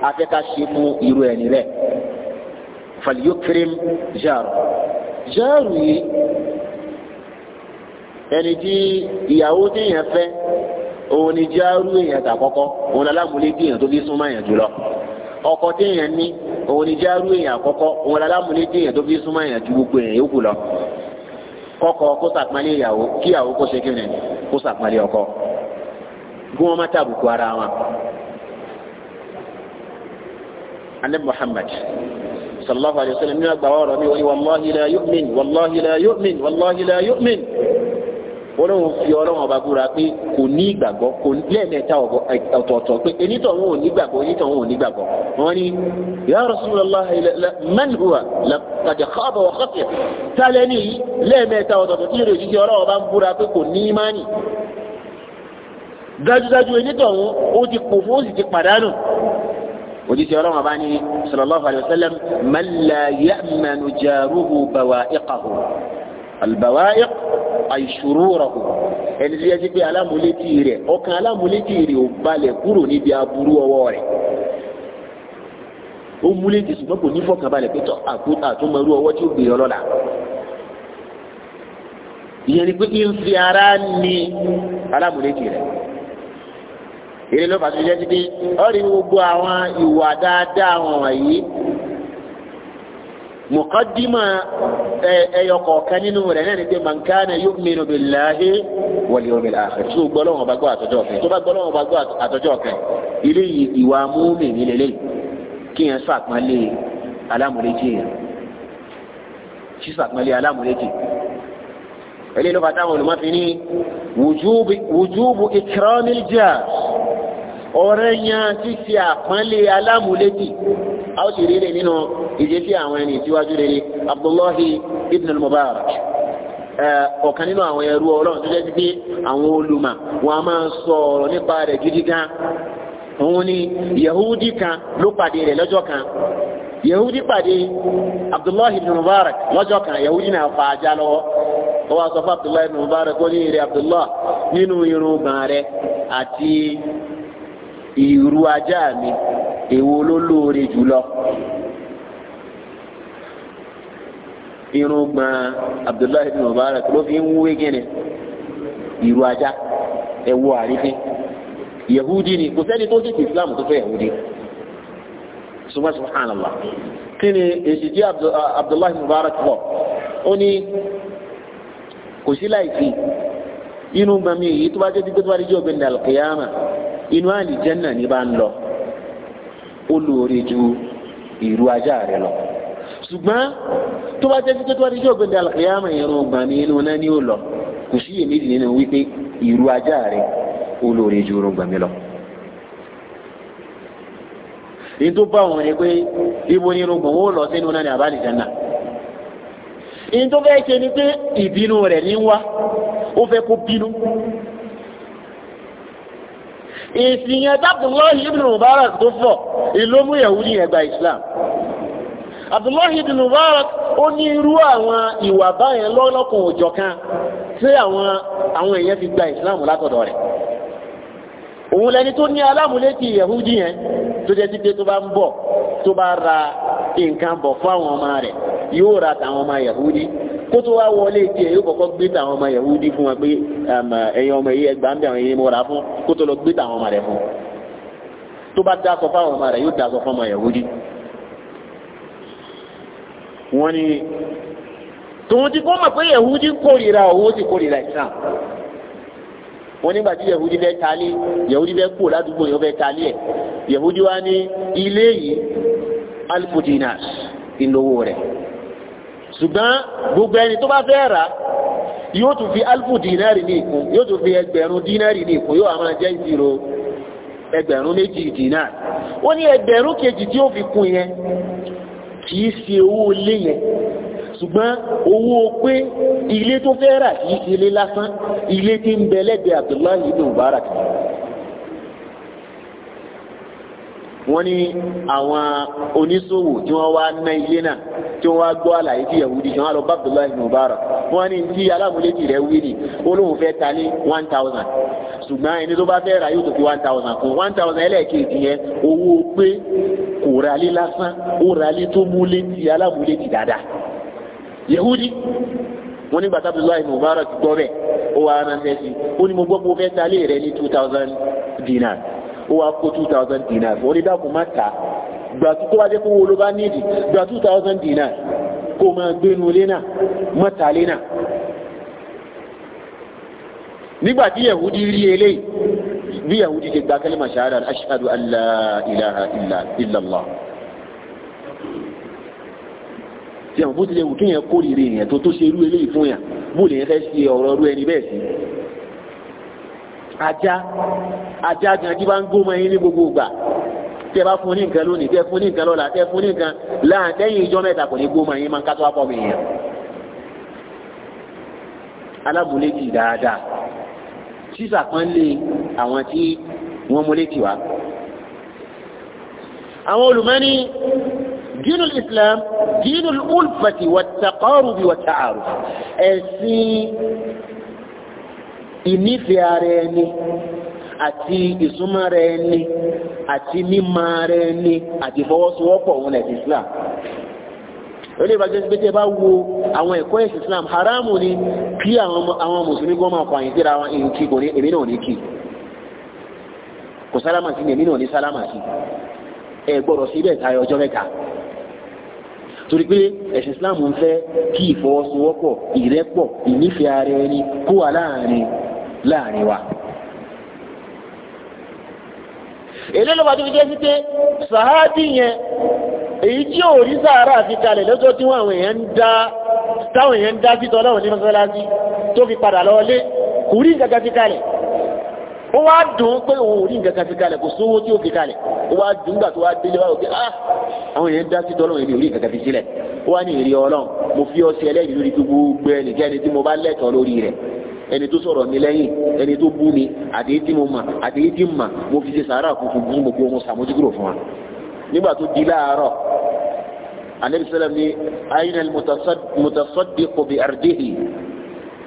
afẹ́ká ṣe fún irú ẹni rẹ̀ falyukrim jaaru jaaru yìí ẹni tí ìyàwó téèyàn fẹ́ òun ni járú èèyàn tàkọ́kọ́ òun ni alámúlétí èèyàn tó fi súnmọ́ èèyàn jùlọ ọkọ téèyàn ní òun ni járú èèyàn àkọ́kọ́ òun ni alámúlétí èèyàn tó fi súnmọ́ èèyàn ju gbogbo èèyàn yòókù lọ kọkọ kó sàpálẹ̀ ìyàwó kí ìyàwó kó ṣe kíni kó sàpálẹ̀ ọkọ kí wọ́n má tàbùkù ara wọn. anabi muhammad sallallahu alayhi wa sallam ní agbára ọ̀rọ̀ mi wọ́n ni wàlláhi la yu'min wàlláhi la yu'min wàlláhi la yu'min ọlọ́run fi ọlọ́run ọba búra pé kò ní ìgbàgbọ́ kò lẹ́ẹ̀mẹ́ta ọ̀tọ̀ọ̀tọ̀ pé enítọ̀ òun ò ní gbàgbọ́ enítọ̀ òun ò ní gbàgbọ́ wọn ni ya Rasulullah man huwa laqad khaba wa khasiya tálẹ́ ní lẹ́ẹ̀mẹ́ta ọ̀tọ̀ọ̀tọ̀ tí ìrèjì ti ọlọ́run ọba ń búra pé kò ní ìmánì dájúdájú enítọ̀ òun ó ti pòfó ó sì ti pàdánù òjijì ọlọ́run ọba ní sallallahu alayhi wa sallam man la ya'manu jaruhu bawa'iqahu àyè shururahu ẹni tó yẹ sí pé alámúlétì rẹ̀ ọkàn alámúlétì rẹ̀ ò balẹ̀ kúrò níbi aburú ọwọ́ rẹ̀ ó múlétì ṣùgbọ́n kò ní fọkànbalẹ̀ pé àtúmọ̀rú ọwọ́ tí ó gbé ọlọ́la ìyẹn ni pé ń fi ara ní alámúlétì rẹ̀ èrè ló fàtúnjẹ́ ti pé ọ̀rẹ́ gbogbo àwọn ìwà dáadáa wọ̀nyí mùkọ́dímà ẹyọkọ̀ọ̀kan nínú rẹ̀ náà ni pé man kana yu'minu billahi wal yawmil akhir tó gbọ́lọ́wọ́ bá gbọ́ àtọ́jọ́ ọ̀kẹ́ tó bá gbọ́lọ́wọ́ bá gbọ́ àtọ́jọ́ ọ̀kẹ́ ilé ìwà múmi ní lélẹ̀ kí yẹn sàpọ́nlé alámúlétí yẹn sí sàpọ́nlé alámúlétí eléyìí táwọn olùmọ́fin ní wujubu ikramil ọ̀rẹ́ yan títí àpọ́nlé alámúlétì a ó sì rí rẹ̀ nínú ìdí tí àwọn ẹni ìtíwájú rere Abdullahi ibn al-Mubarak ọ̀kan nínú àwọn ẹrú ọlọ́run tó jẹ́ sí àwọn olùmọ̀ wọn a máa sọ nípa rẹ̀ gidi gan òun ni Yahudi kan ló pàdé rẹ̀ lọ́jọ́ kan Yahudi pàdé Abdullahi ibn Mubarak lọ́jọ́ kan Yahudi náà fa ajá lọ́wọ́ wọ́n wá sọ fún Abdullahi ibn Mubarak ní irú ajá mi èwo ló lóore jùlọ irun gbọn abdullahi bin mubarak ló fi ń wúwe gẹ́nẹ̀ ìrù ajá ẹ̀wọ̀ àrífín yahudi ni kò sẹ́ni tó tètè islam tó fẹ́ yahudi suma subhanallah kí ni èsì tí abdullahi bin mubarak bọ̀ ó ní kò sí láìsí inú gbọn mi èyí tó bá jẹ́ dídé tó bá rí jẹ́ òbí ní alqiyama inú àlìjẹ́nà ni bá ń lọ ó lóore ju ìrù ajá rẹ lọ ṣùgbọ́n tó bá jẹ́ títí tó bá ti jẹ́ ògbéǹde àlùkìyàmọ̀ irun ọgbà ní inú náà ni ó lọ kò sí èméjì nínú wípé ìrù ajá rẹ ó lóore ju irun ọgbà mi lọ. ní tó bá wọn ni pé ibo ni irun ọgbà wọn ó lọ sínú náà ní àbálìjẹ́nà ní tó fẹ́ ṣe ni pé ìbínú rẹ̀ ní wá ó fẹ́ kó bínú èsì yẹn tábùlọ́hì ibn Mubarak tó fọ̀ ìlú mú Yahudi yẹn gba Islam Abdullahi ibn Mubarak ó ní irú àwọn ìwà báyẹn lọ́lọ́kùn òjọ̀ kan tí àwọn àwọn èèyàn fi gba Islam látọ̀dọ̀ rẹ̀ òun lẹni tó ní alámúlétì Yahudi yẹn tó jẹ́ títí tó bá ń bọ̀ tó bá ra nǹkan bọ̀ fún àwọn ọmọ rẹ̀ yóò ra tàwọn ọmọ Yahudi kó tó wá wọlé tiẹ̀ yóò kọ́kọ́ gbé tàwọn ọmọ Yahudi fún wa pé um, ẹ̀yin ọmọ yìí ẹgbàá ń bẹ àwọn yìí mo rà fún kó tó lọ gbé tàwọn ọmọ rẹ̀ fún tó bá dáṣọ fáwọn ọmọ rẹ̀ yóò dáṣọ fún ọmọ Yahudi. wọ́n ní tòun ti kọ́ mọ̀ pé Yahudi kórìíra owó ti kórìíra Islam wọ́n nígbà tí yahudi fẹ́ taali yahudi fẹ́ kó ládùúgbò yẹn fẹ́ taali ẹ yahudi wa ní ilé yìí alifu dinas ṣùgbọ́n gbogbo ẹni tó bá fẹ́ rà yóò tún fi alifu dínárì ní ìkún yóò tún fi ẹgbẹ̀rún dínárì ní ìkún yóò máa jẹ́ ìṣirò ẹgbẹ̀rún méjì dínárì ó ní ẹgbẹ̀rún kejì tí ó fi kún yẹn kì í ṣe owó ilé yẹn ṣùgbọ́n owó pé ilé tó fẹ́ rà kì í ṣe ilé lásán ilé tí ń bẹ lẹ́gbẹ̀ẹ́ Abdullahi ibn Mubarak wọ́n ní àwọn oníṣòwò tí wọ́n wá ná ilé náà tí wọ́n wá gbọ́ àlàyé tí yahudi tí wọ́n lọ bá abdullahi mubarak wọ́n ní ti alámúlétì rẹ̀ wí ni olóhùn fẹ́ ta ní one thousand ṣùgbọ́n ẹni tó bá fẹ́ ra yóò tó fi one thousand kún one thousand ẹlẹ́ẹ̀kejì yẹn owó pé kò ralé lásán ó ralé tó múlé ti alámúlétì dáadáa yahudi wọ́n ní gbàtà abdullahi mubarak gbọ́ bẹ́ẹ̀ ó wá ránṣẹ́ gbọ́ pé ó fẹ́ ta lé two thousand dinar ó wá kó two thousand dinars wọ́n ní dákun má ta gbà tó wá jẹ́ kó wo ló bá nídìí gbà two thousand dinars kó máa gbénu lé náà má ta lé náà nígbà tí yahudi rí eléyìí bí yahudi ṣe gba kálímà ṣahada ashhadu an la ilaha tí àwọn bó ti lè wù kí yẹn kórìíre yẹn tó tó ṣe irú eléyìí fún yàn bó lè yẹn fẹ́ ṣe ọ̀rọ̀ irú ẹni bẹ́ẹ̀ sí ajá ajá gan jí bá ń gbó mọ́ yín ní gbogbo ìgbà tẹ bá fún ní nǹkan lónìí tẹ fún ní nǹkan lọ́la tẹ fún ní nǹkan láà lẹ́yìn ìjọ mẹ́ta kò ní gbó mọ́ yín máa ń kátó àpọ̀ mi yẹn alámúlétì dáadáa sísà kan lé àwọn tí wọ́n múlétì wá àwọn olùmọ́ni dínú islam dínú ulfati wàtàkọ́rùbí wàtàárù ẹ̀sìn ìnífẹ̀ẹ́ ara ẹni àti ìsúnmọ́ ara ẹni àti mímọ̀ ara ẹni àti ìfọwọ́sowọ́pọ̀ òun lẹ̀ Islam olè ìbájọ́ sí pé tẹ́ bá wo àwọn ẹ̀kọ́ ẹ̀sìn Islam haramu ni kí àwọn mùsùlùmí gan máa pààyàn síra àwọn èyí kò ní èmi náà ní kí kò sálámà sí ni èmi náà ní sálámà sí ẹ gbọ́dọ̀ sí ibẹ̀ tayọ ọjọ́ mẹ́ta torí pé ẹ̀sìn Islam ń fẹ́ kí ìfọwọ́sowọ́pọ̀ ìrẹ́pọ̀ ìnífẹ̀ẹ́ ara ẹni kó wà láàárín láàrin wa. èlé ló bá tó fi jẹ́ sí pé sàhábì yẹn èyí tí ò rí sàárà fi kalẹ̀ lọ́jọ́ tí wọ́n àwọn èèyàn ń dá táwọn èèyàn ń dá sí tọ́lọ́wọ̀n ní mọ́sálásí tó fi padà lọ kò rí nǹkan kan kalẹ̀ ó wá dùn pé òun ò rí nǹkan kan kalẹ̀ kò sówó tí ó fi kalẹ̀ ó wá dùn gbà tó wá délé wá òkè ah àwọn èèyàn ń dá sí tọ́lọ́wọ̀n èmi ò rí nǹkan kan fi sílẹ̀ ó wá ní èrè ọlọ́run mo fi ọ sí ẹlẹ́rìí lórí gbogbo ẹnikẹ́ni tí mo bá lẹ́tọ̀ọ́ lórí rẹ̀ ẹni tó sọ̀rọ̀ mi lẹ́yìn ẹni tó bú mi àdéhìí tí mo mà àdéhìí tí mà mo fi ṣe sàárà funfun fún gbogbo wọn sàmójúkúrò fún wa nígbà tó di láàárọ̀ anabi sẹlẹm ni ayina mutasaddiqu bi ardihi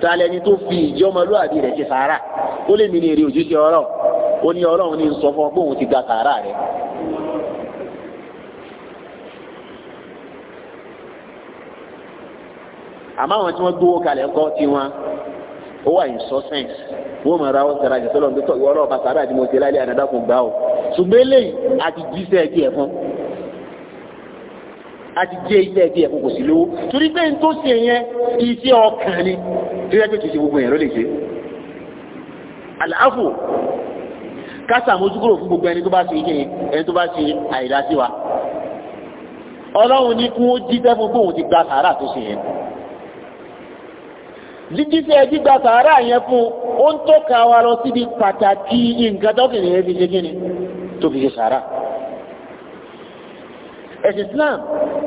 taalẹ ni tó fi ìjọmọlúwàbí rẹ̀ ṣe sàárà ó lè mi ní èrè òjúṣe ọ̀rọ̀ ó ní Ọlọ́run ní sọ fún ọ pé òun ti gba sàárà rẹ̀. àmọ́ àwọn tí wọ́n gbowó kalẹ̀ ńkọ́ tiwọn ó wà insurance wọ́n mọ̀ ra ọ̀sẹ̀ rajẹ̀ tó lọ́n tó tọ́ ìwọ ọlọ́ọ̀bá sàrà àti mo ṣe láìlé àdàdà kò gbà ó ṣùgbọ́n eléyìí àti jí iṣẹ́ ẹ̀kí ẹ̀fọn àti jẹ́ iṣẹ́ ẹ̀kí ẹ̀fọn kò sí lówó torí pé n tó ṣe yẹn iṣẹ́ ọkàn ni tó yẹ pé kì í ṣe gbogbo yẹn ló lè ṣe. àlàáfò kásà mójúkúrò fún gbogbo ẹni tó bá ṣe ike yẹn ẹni tó bá ṣe àìdásí wa ọlọ́run ní kí wọ́n jí jíjíṣẹ́ gbígba sàárà yẹn fún ó ń tọ́ka wa lọ síbi pàtàkì nǹkan tọ́kìnrin yẹn fi ṣe ni tó fi ṣe sàárà ẹ̀sìn Islam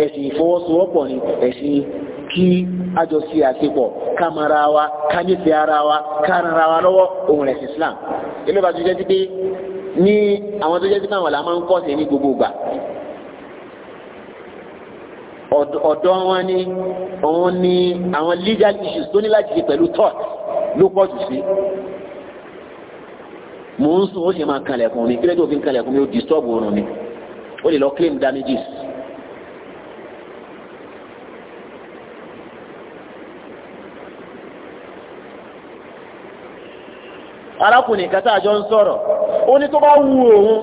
ẹ̀sìn ìfọwọ́sowọ́pọ̀ ni ẹ̀sìn kí ajọ sí àṣepọ̀ kámara wa ara wa kárara wa lọ́wọ́ òun ẹ̀sìn Islam ilé jẹ́ ọ̀dọ́ wọn ni òun ni àwọn legal issues tó ní láti ṣe pẹ̀lú tort ló pọ̀ jù sí mò ń sùn ó sì máa kanlẹ̀kùn mi kílẹ̀ tó fi ń kanlẹ̀kùn mi ó disturb oorun mi ó lè lọ claim damages. arákùnrin kẹta àjọ ń sọ̀rọ̀ ó ní tó bá wù òun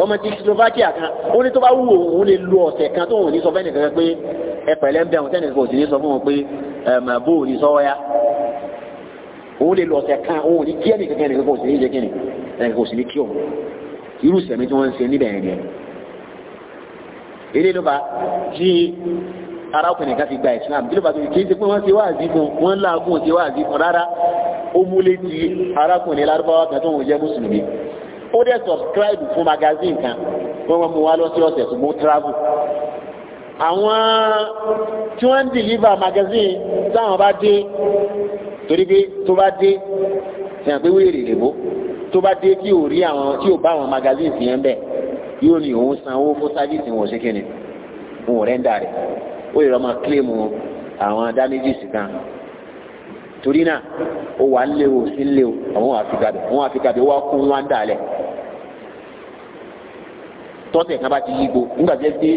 ọmọ Czechoslovakia kan ó ní tó bá wù òun lè lo ọ̀sẹ̀ kan tó òun ní sọ fẹ́ nìkan pé ẹ pẹ̀lẹ́ ń bẹ òun tẹ́nìkan kò sì ní sọ fún òun pé bó òun ní sọ ọ́yá òun lè lo ọ̀sẹ̀ kan òun ní kí ẹnìkan kẹ́nìkan kò sì ní jẹ́ kí ẹnìkan kò sì ní kí òun irú sẹ̀mí tí wọ́n ń ṣe níbẹ̀ yẹn eré ló bá tí arákùnrin kan ti gba Islam kí ló bá tó kì í ṣe pé wọ́n ó dẹ̀ subscribe fún magazine kan wọ́n wọ́n mú wá lọ́sọ̀ọ̀sẹ̀ ṣùgbọ́n travel àwọn tí wọ́n ń deliver magazine táwọn bá dé torí pé tó bá dé sẹ́yìn pé wéèrè lèbó tó bá dé tí ò rí àwọn tí ò bá àwọn magazine fi hàn bẹ́ẹ̀ yóò ní òun sanwó fún sáfíìsì wọn ṣe kíni wọn ò rẹ́ńdà rẹ̀ ó lè lọ́ máa claim àwọn damages kan torí náà ó wà ń lé o sí ń lé o àwọn àfikàbẹ àwọn àfikàbẹ wà kó wọn dà lẹ tọ́tẹ̀ kan bá ti yí gbó nígbà tí ẹ ti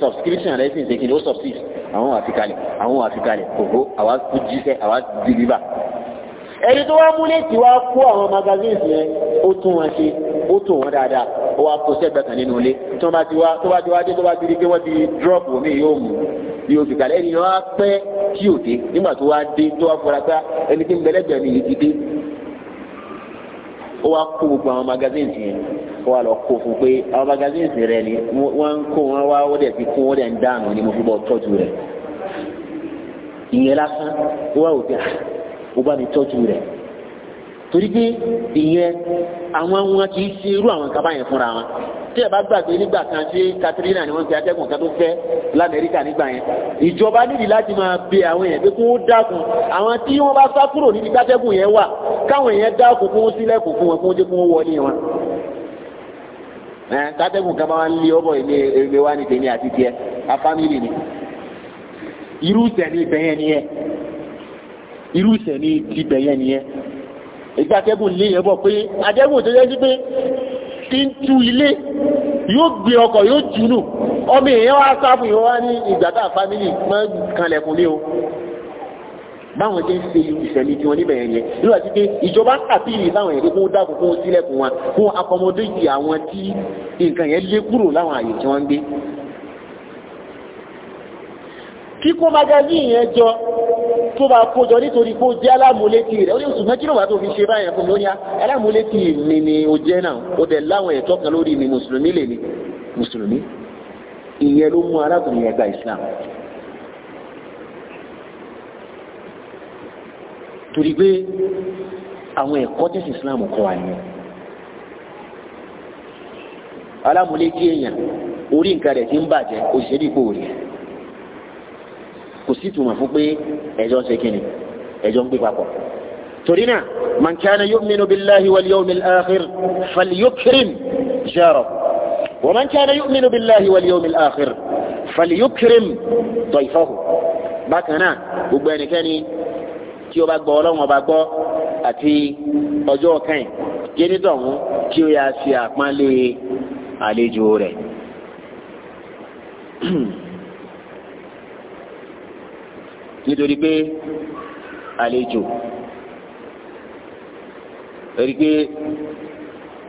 subscription rẹ sì ń sekin ó subsist àwọn àfikalẹ̀ àwọn àfikalẹ̀ kòkó àwa kú jíṣẹ́ àwa dìbíbà ẹni tó wá múlẹ̀ tí wá kó àwọn magazines yẹn ó tún wọn ṣe ó tún wọn dáadáa ó wá kó sẹ́gbẹ̀ẹ́ kan nínú ilé tó bá ti wá tó bá ti wá dé tó bá ti di pé wọ́n ti drop omi yóò mú yóò fi kalẹ̀ ẹni yóò wá pẹ́ tí ò dé nígbà tó wá dé tó wá fura pé ẹni tí ń bẹlẹ́gbẹ̀ẹ́ mi yìí ti dé ó wá kó gbogbo àwọn magazines yẹn ó wá lọ kó fún pé àwọn magazines rẹ ni wọ́n ń kó wọn wá ó dẹ̀ ti kún ó dẹ̀ ń dànù ni mo fi bọ́ tọ́jú rẹ̀ ìyẹn lásán ó wá òkè ah, ó bá mi tọ́jú rẹ̀ torí pé ìyẹn àwọn wọn kì í ṣe irú àwọn kaba yẹn fúnra wọn tí ẹ bá gbàgbé nígbà kan tí Katrina ni wọn fi atẹ́gùn kan tó fẹ́ lamẹ́ríkà nígbà yẹn ìjọba nídìí láti máa bẹ àwọn yẹn pé kó ó dákun àwọn tí wọn bá sá kúrò níbi kátẹ́gùn yẹn wà káwọn yẹn dákun kó ó sílẹ̀kùn fún wọn kó ó dé kó ó wọlé wọn. kátẹ́gùn kan bá wà ń lé ọbọ̀ èmi èmi ní tèmi àti tiẹ̀ a fámìlì ni irú sẹ̀ ní ni yẹn irú sẹ̀ ní ibẹ̀ ni yẹn ìgbà atẹ́gùn lé ẹ̀bọ̀ pé atẹ́gùn tó yẹ́ sí pé tí ń tú ilé yóò gbé ọkọ̀ yóò jùnù ọmọ èèyàn wá sáfù yóò wá ní ìgbàtà fámílì mọ́ kanlẹ̀kùn ní o báwọn jẹ́ ń ṣe ìṣẹ̀lẹ̀ tí wọ́n níbẹ̀ yẹn yóò wá sí pé ìjọba sàpìlì láwọn èdè fún dáàbò fún sílẹ̀kùn wọn fún akọmọdéjì àwọn tí nǹkan yẹn lé kúrò láwọn àyè tí wọ́n ń gbé kíkó magazine yẹn jọ tó bá kójọ nítorí kó jẹ́ alámúlétì rẹ̀ ó ní oṣù mẹ́kí wà tó fi ṣe báyẹn fún mi ó mi ni ó jẹ́ náà ó dẹ̀ láwọn ẹ̀tọ́ kan lórí mi mùsùlùmí lè ní mùsùlùmí ìyẹn ló mú arákùnrin Islam torí pé àwọn ni sí ìtumọ̀ fún pé ẹjọ́ ṣe kí ni ẹjọ́ ń gbé papọ̀ torí náà man kana yu'minu billahi wal yawmil akhir falyukrim jarahu wa man kana yu'minu billahi wal yawmil akhir falyukrim dayfahu bákan náà gbogbo ẹnikẹ́ni tí ó bá gbọ́ ọlọ́run ọba gbọ́ àti ọjọ́ kẹ́yìn jẹ́nitọ̀ ọ̀hún kí ó yá ṣe àpọ́nlé àlejò rẹ̀. nítorí pé àlejò torí pé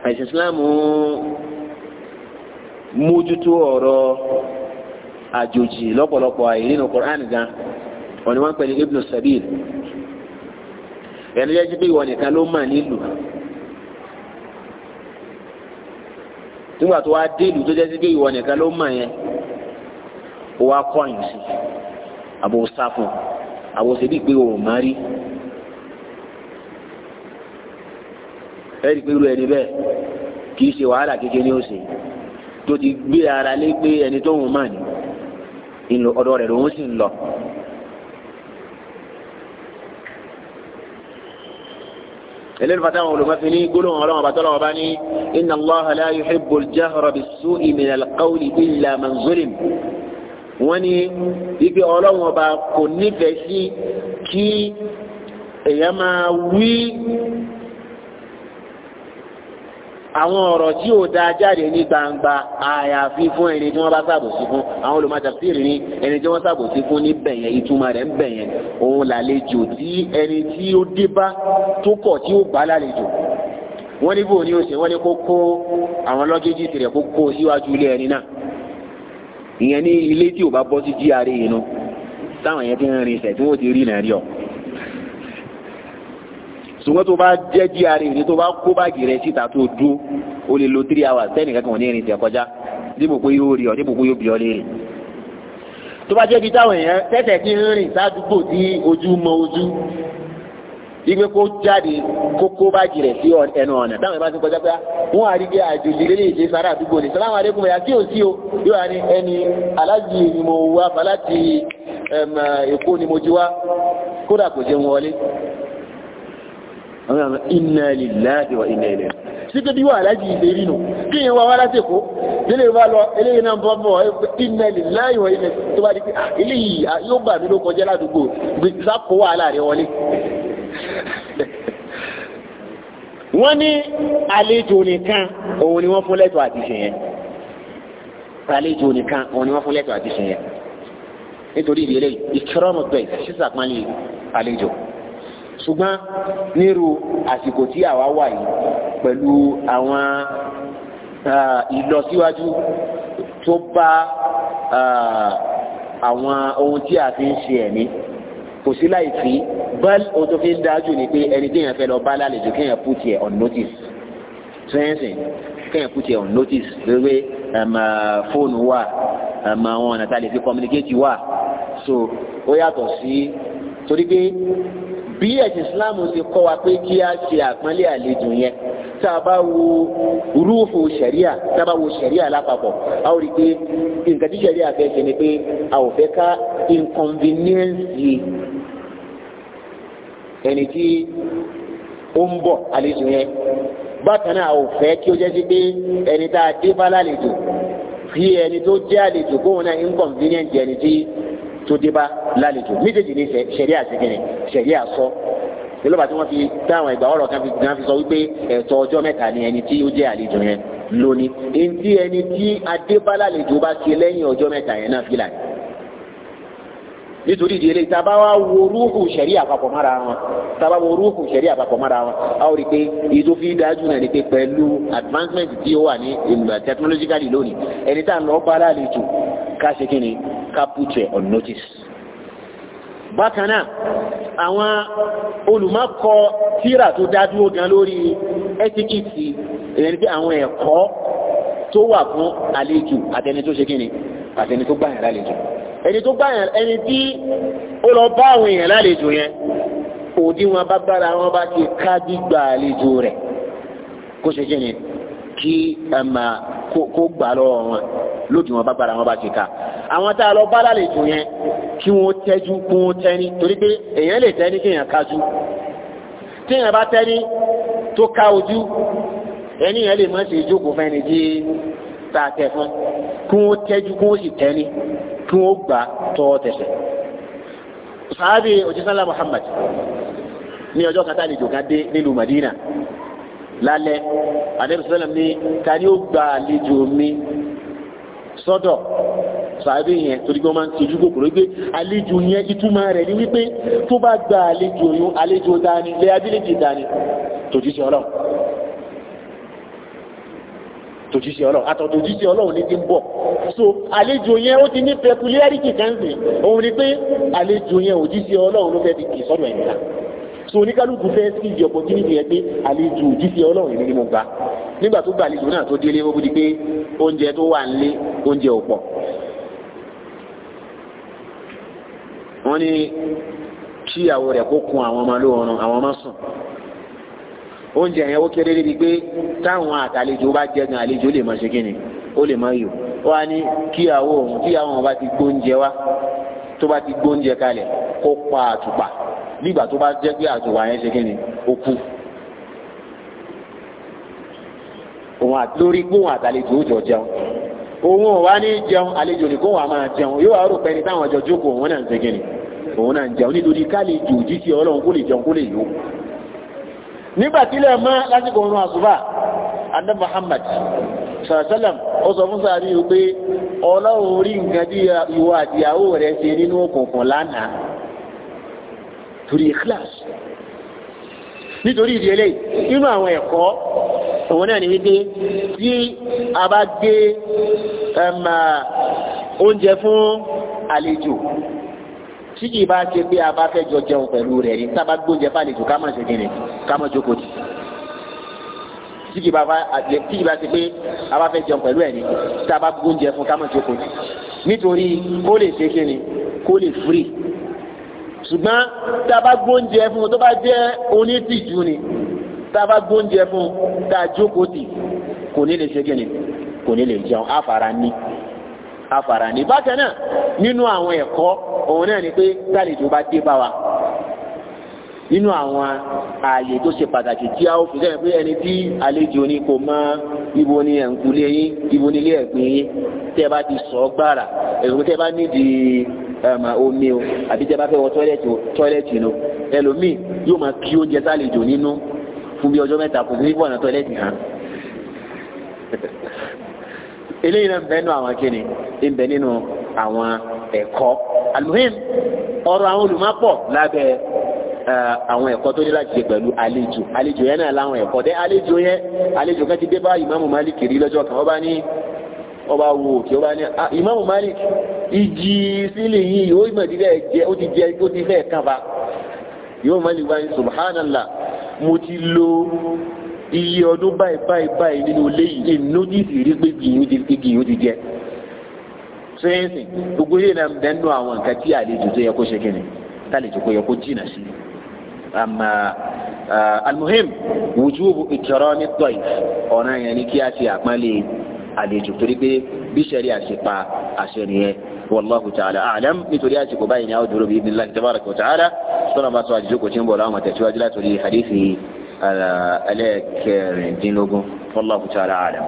ẹ̀sìn Islam mójútó ọ̀rọ̀ àjòjì lọ́pọ̀lọpọ̀ àìrí nínú Qur'an gan wọ́n ni wọ́n ń Ibn Sabil ẹni yẹn ti pé ìwọ nìkan ló mà nílùú nígbà tó wá dé ìlú tó jẹ́ sí pé nìkan ló mà yẹn ó wá kọ́yìn sí i àbò sáfún àbò ṣèbí pé o má rí ẹ̀rí pé irú ẹni bẹ́ẹ̀ kì í ṣe wàhálà kékeré ní òsè tó ti gbé ara lé pé ẹni tó ń mà ní ọ̀dọ̀ rẹ̀ lòun sì ń lọ. eléyìí fata àwọn olùmọ̀fin ní gbólóhùn ọlọ́run ọba tọ́lọ́wọ́ bá ní inna Allaha la yuhibbul jahra bis-su'i minal qawli illa man zulim wọ́n ní ibi ọlọ́run ọba kò nífẹ̀ẹ́ sí kí èèyàn máa wí àwọn ọ̀rọ̀ tí ò dáa jáde ní gbangba àyàfi fún ẹni tí wọ́n bá ṣàbòsí fún àwọn olùmọ̀tàfíìrì ní ẹni tí wọ́n ṣàbòsí fún ní bẹ̀yẹn ìtumọ̀ rẹ̀ ń bẹ̀yẹn òun làlejò tí ẹni tí ó dé bá tó kọ̀ tí ó bá lálejò wọ́n ní bò ní oṣù wọ́n ní kó kó àwọn lọ́gẹ́jì tirẹ̀ kó kó síwájú ilé ẹni náà ìyẹn ní ilé tí o bá bọ́ sí GRA yìí nu táwọn yẹn ti ń rin ìṣẹ̀ tí wọ́n ti rí náà rí ọ. ṣùgbọ́n tó bá jẹ́ GRA yìí tó bá kó báàgì rẹ síta tó dún o lè lo three hours tẹ́nì kankan wọ́n ní rin ìṣẹ̀ kọjá dípò pé yóò rí ọ dípò pé yóò bí ọ léèrè. tó bá jẹ́ bí táwọn èèyàn tẹ́tẹ̀ ti ń rìn sádùúgbò tí ojú mọ ojú igbe kó jáde kó kó báàgì rẹ̀ sí ẹnu ọ̀nà táwọn ìbá ti kọjá pé wọ́n á rí pé àjòjì lélẹ̀ èdè sára àdúgbò ní sàlámù alẹ́kùn ẹ̀yà kí o sí o yóò wá ẹni aláàjì ni mo wá fa èkó ni mo jí wá kódà kò jẹun wọlé. àwọn inna lillahi wa inna ilaihi síbi bí wọ́n aláàjì ilé rí nù kí yẹn wá wá láti èkó délé bá lọ eléyìí náà bọ́ bọ̀ inna lillahi wa inna ilaihi tó bá di pé ah, eléyìí ah, yóò bà mí ló kọjá ládùúgbò gbèsè wọ́n ní àlejò nìkan òun ni wọ́n fún lẹ́tọ̀ àti ṣe yẹn àlejò nìkan òun ni wọ́n fún lẹ́tọ̀ àti ṣe yẹn nítorí ìdílé ìkírọ́mù bẹ́ẹ̀ sísàpánlé àlejò ṣùgbọ́n nírú àsìkò tí àwa wà yìí pẹ̀lú àwọn ìlọsíwájú tó bá àwọn ohun tí a fi ń ṣe ẹ̀mí kò sí láì fi bẹ́ẹ̀ o tó fi ń dájú ni pé ẹni tí èèyàn fẹ́ lọ bá lálejò kéèyàn put it on notice sẹ́yìnsìn kéèyàn put it on notice wíwé um, uh, fóònù wà um, àwọn ọ̀nà tá a lè fi communicate wà so ó yàtọ̀ sí torí pé bí ẹ̀sìn Islam ti kọ́ wa pé kí a ṣe àpọ́nlé àlejò yẹn tá a bá wo rúùfù ṣẹ̀ríà tá a bá wo ṣẹ̀ríà lápapọ̀ a ó rí i pé nǹkan tí ṣẹ̀ríà fẹ́ ṣe ni pé a ò fẹ́ ká inconvenience yìí ẹni tí ó ń bọ̀ àlejò yẹn bákan náà ò fẹ́ kí ó jẹ́ sí pé ẹni tá a dé bá lálejò fi ẹni tó jẹ́ àlejò kóun náà inconvenient ẹni tí tó dé bá lálejò méjèèjì ní sẹ̀rí àtìkìnrin sẹ̀rí àsọ ìlú bàtí wọ́n fi dáhùn ẹgbà ọ̀rọ̀ kan fi gan fi sọ wípé ẹ̀tọ́ ọjọ́ mẹ́ta ni ẹni tí ó jẹ́ àlejò yẹn lónìí èyí tí ẹni tí adébálàlejò bá ṣe lẹ́yìn ọjọ́ mẹ́ta yẹn náà fi là nítorí ìdí eléyìí tá a bá wá wo rúhù sẹ̀rí àpapọ̀ mára wọn tá a bá wo rúhù sẹ̀rí wọn a rí pé èyí dájú náà ni pé pẹ̀lú advancement tí ó wà ní uh, technologically lónìí ẹni tá à ń lọ pa aláàlejò ká ṣe kí ni ká put on notice bákan náà àwọn olùmọ́kọ tíra tó dádúró gan lórí ẹ́tíkìtì ìyẹn ni pé àwọn ẹ̀kọ́ tó wà fún àlejò àtẹni tó ṣe kí ni àtẹni tó gbà yàn lálejò ẹni tó gbà yẹn ẹni tí ó lọ bá àwọn èèyàn lálejò yẹn òdi wọn bá gbára wọn bá ti ká gbígbà àlejò rẹ̀ kó ṣe jẹ́ ni kí ẹ um, máa kó gbà lọ́wọ́ wọn lódì wọn bá gbára wọn bá ti ká àwọn tá a lọ bá lálejò yẹn kí wọ́n tẹ́jú kún wọn tẹ́ni torí pé èèyàn lè tẹ́ni kéèyàn kájú téèyàn bá tẹ́ni tó ká ojú ẹni yẹn lè má ṣe ìjókòó fẹ́ni tí tá a tẹ̀ fún kí wọ́n tẹ́jú kún ó sì tẹ́ni kí wọ́n gbà tọwọ́ tẹsẹ̀ sàábì òjísàlá Muhammad ní ọjọ́ kata àlejò ká dé nílùú Madina lálẹ́ àdébísọ́lá mi ta ni ó gba àlejò mi sọ́dọ̀ sàábì yẹn torí pé wọ́n máa ń sojú kòkòrò pé àlejò yẹn ìtumọ̀ rẹ̀ ni wípé tó bá gba àlejò yún àlejò dání lẹ́yàbílẹ̀jì dání tòjú sí ọlọ́run àtòjíṣẹ́ ọlọ́run àtòjíṣẹ́ ọlọ́run ní ti ń bọ̀ so àlejò yẹn ó ti ní peculiarity kẹ́ńsì òun ni pé àlejò yẹn òjíṣẹ́ ọlọ́run ló fẹ́ fi kì sọ́dọ̀ ẹ̀yìn náà so oníkálukú fẹ́ sí ìdí opportunity yẹn pé àlejò òjíṣẹ́ ọlọ́run ìlú ni mo gbà nígbà tó gba àlejò náà tó délé ó di pé oúnjẹ tó wà nílé oúnjẹ ò pọ̀ wọ́n ní kíyàwó rẹ̀ kó kun àwọn ọmọ lóorun àwọn oúnjẹ yẹn ó kéré débi pé táwọn àtàlejò bá jẹ gan àlejò lè máa ṣe kí ni ó lè máa yò ó wá ní kíyàwó òun kíyàwó òun bá ti gbóúnjẹ wá tó bá ti gbóúnjẹ kalẹ̀ kó pa àtùpà nígbà tó bá jẹ́ pé àtùpà yẹn ṣe kí ni ó kú. òun lórí gbóhùn àtàlejò ó jọ jẹun òun ò wá ní jẹun àlejò nìkan wà máa jẹun yóò wá rò pé táwọn ọjọ́ jókòó òun náà ń ṣe kí ni òun náà ń jẹun nítorí ká lè nígbà tí ilẹ̀ mọ́ lásìkò oorun àsùbà adé Muhammad sàrẹ́sẹ́lẹ̀m ó sọ fún sàárì yìí pé ọlọ́run orí nǹkan tí ìwọ àtìyàwó rẹ̀ ṣe nínú òkùnkùn lánàá torí ìkíláàsì nítorí ìdí eléyìí nínú àwọn ẹ̀kọ́ òun náà ní wípé tí a bá gbé oúnjẹ fún àlejò tí kì í bá ṣe pé a bá fẹ́ jọ jẹun pẹ̀lú rẹ̀ ní sábà gbóúnjẹ fàlejò ká má ṣe kíni ká má jókòó tì tí kì í bá ṣe pé a bá fẹ́ jẹun pẹ̀lú ẹ̀ ní sábà gbóúnjẹ fún ká má jókòó tì nítorí kó lè ṣe kíni kó lè fúri ṣùgbọ́n sábà fún tó bá jẹ́ onítìjú ni sábà gbóúnjẹ fún tá jókòó tì kò ní lè ṣe kíni kò ní lè jẹun àfàrà ní àfàrà ní bákan náà nínú àwọn ẹ̀kọ́ òun náà ni pé sálejò bá dé bá wa nínú àwọn ààyè tó ṣe pàtàkì tí a ó fi sẹ́yìn pé ẹni tí àlejò ni kò mọ ibo ni ẹ̀ǹkulé yín ibo ni ilé ẹ̀gbìn yín tẹ́ ẹ bá ti sọ ọ́ gbàrà ẹ̀rù tẹ́ ẹ bá nídìí omi o àbí tẹ́ ẹ bá fẹ́ wọ tọ́lẹ̀tì tọ́lẹ̀tì lọ ẹlòmíì yóò máa kí oúnjẹ sálejò nínú fún bí ọjọ́ mẹ́ta kò ní bọ̀nà tọ́lẹ̀tì hàn eléyìí náà ń bẹ nínú àwọn kíni ń bẹ nínú àwọn ẹ̀kọ́ almuhim ọ̀rọ̀ àwọn olùmọ̀pọ̀ lábẹ́ àwọn ẹ̀kọ́ tó ní láti ṣe pẹ̀lú àlejò àlejò yẹn náà láwọn ẹ̀kọ́ dé àlejò yẹn àlejò kan ti dé bá ìmáàmù Malik rí lọ́jọ́ kan ọba ní ọba wo òkè ọba ní ah, ìmáàmù Malik ìjì sílẹ̀ yìí ó ìmọ̀ ìdílé ẹ̀jẹ̀ ó ti jẹ ó ti fẹ́ káfa ìmáàmù Malik wá ní subhanallah mo ti lo iye ọdún báyìí báyìí báyìí nínú ilé yìí èmi ló ní pé igi ó ti jẹ sẹ́yìnsì gbogbo yìí náà dẹ́nu àwọn nǹkan tí àlejò tó yẹ kó ṣe kínní tálejò kó yẹ kó jìnnà sí àmà almuhim wujubu ikrami ad-dayf ọ̀nà yẹn ni kí a ti àpọ́nlé àlejò torí pé bí sẹ́rí àṣepa àṣẹ nìyẹn والله تعالى أعلم نترياتك بين أودر بإذن الله تبارك وتعالى صلى الله عليه وسلم وتنبو لهم وتتواجلات لحديثه على ألاك دينوغو والله تعالى أعلم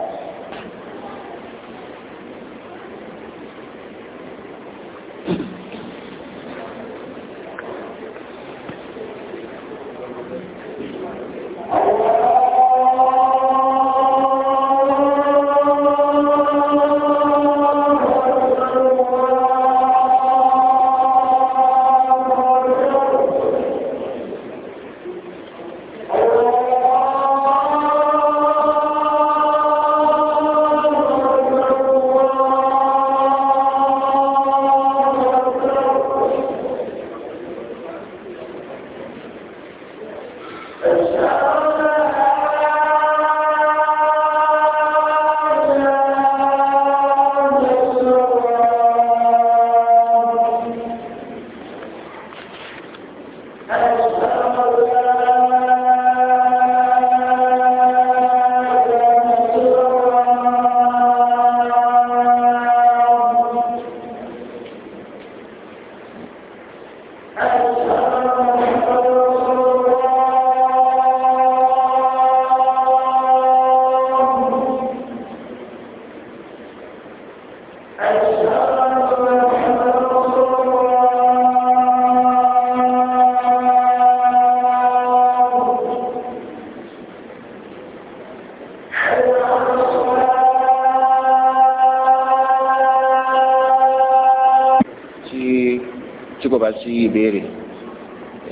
ìbéèrè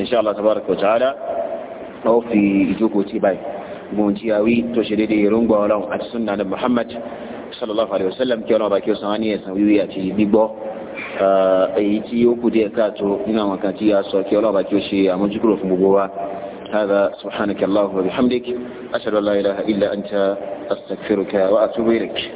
inṣàlá tabaraka wa ta'ala a ó fi ìjókòó tí báyìí gbọ́n tí a wí tó ṣe déédéé èròǹgbà ọlọ́run àti sunna ní muhammad sallallahu alaihi wasallam sallam kí ọlọ́run bá kí ó san á ní ẹ̀san wíwí àti gbígbọ́ èyí tí ó kù díẹ̀ káàtó nínú àwọn kan tí a sọ ọlọ́run bá awon ó ṣe àmójúkúrò fún gbogbo هذا سبحانك اللهم وبحمدك أشهد أن لا إله إلا أنت أستغفرك وأتوب إليك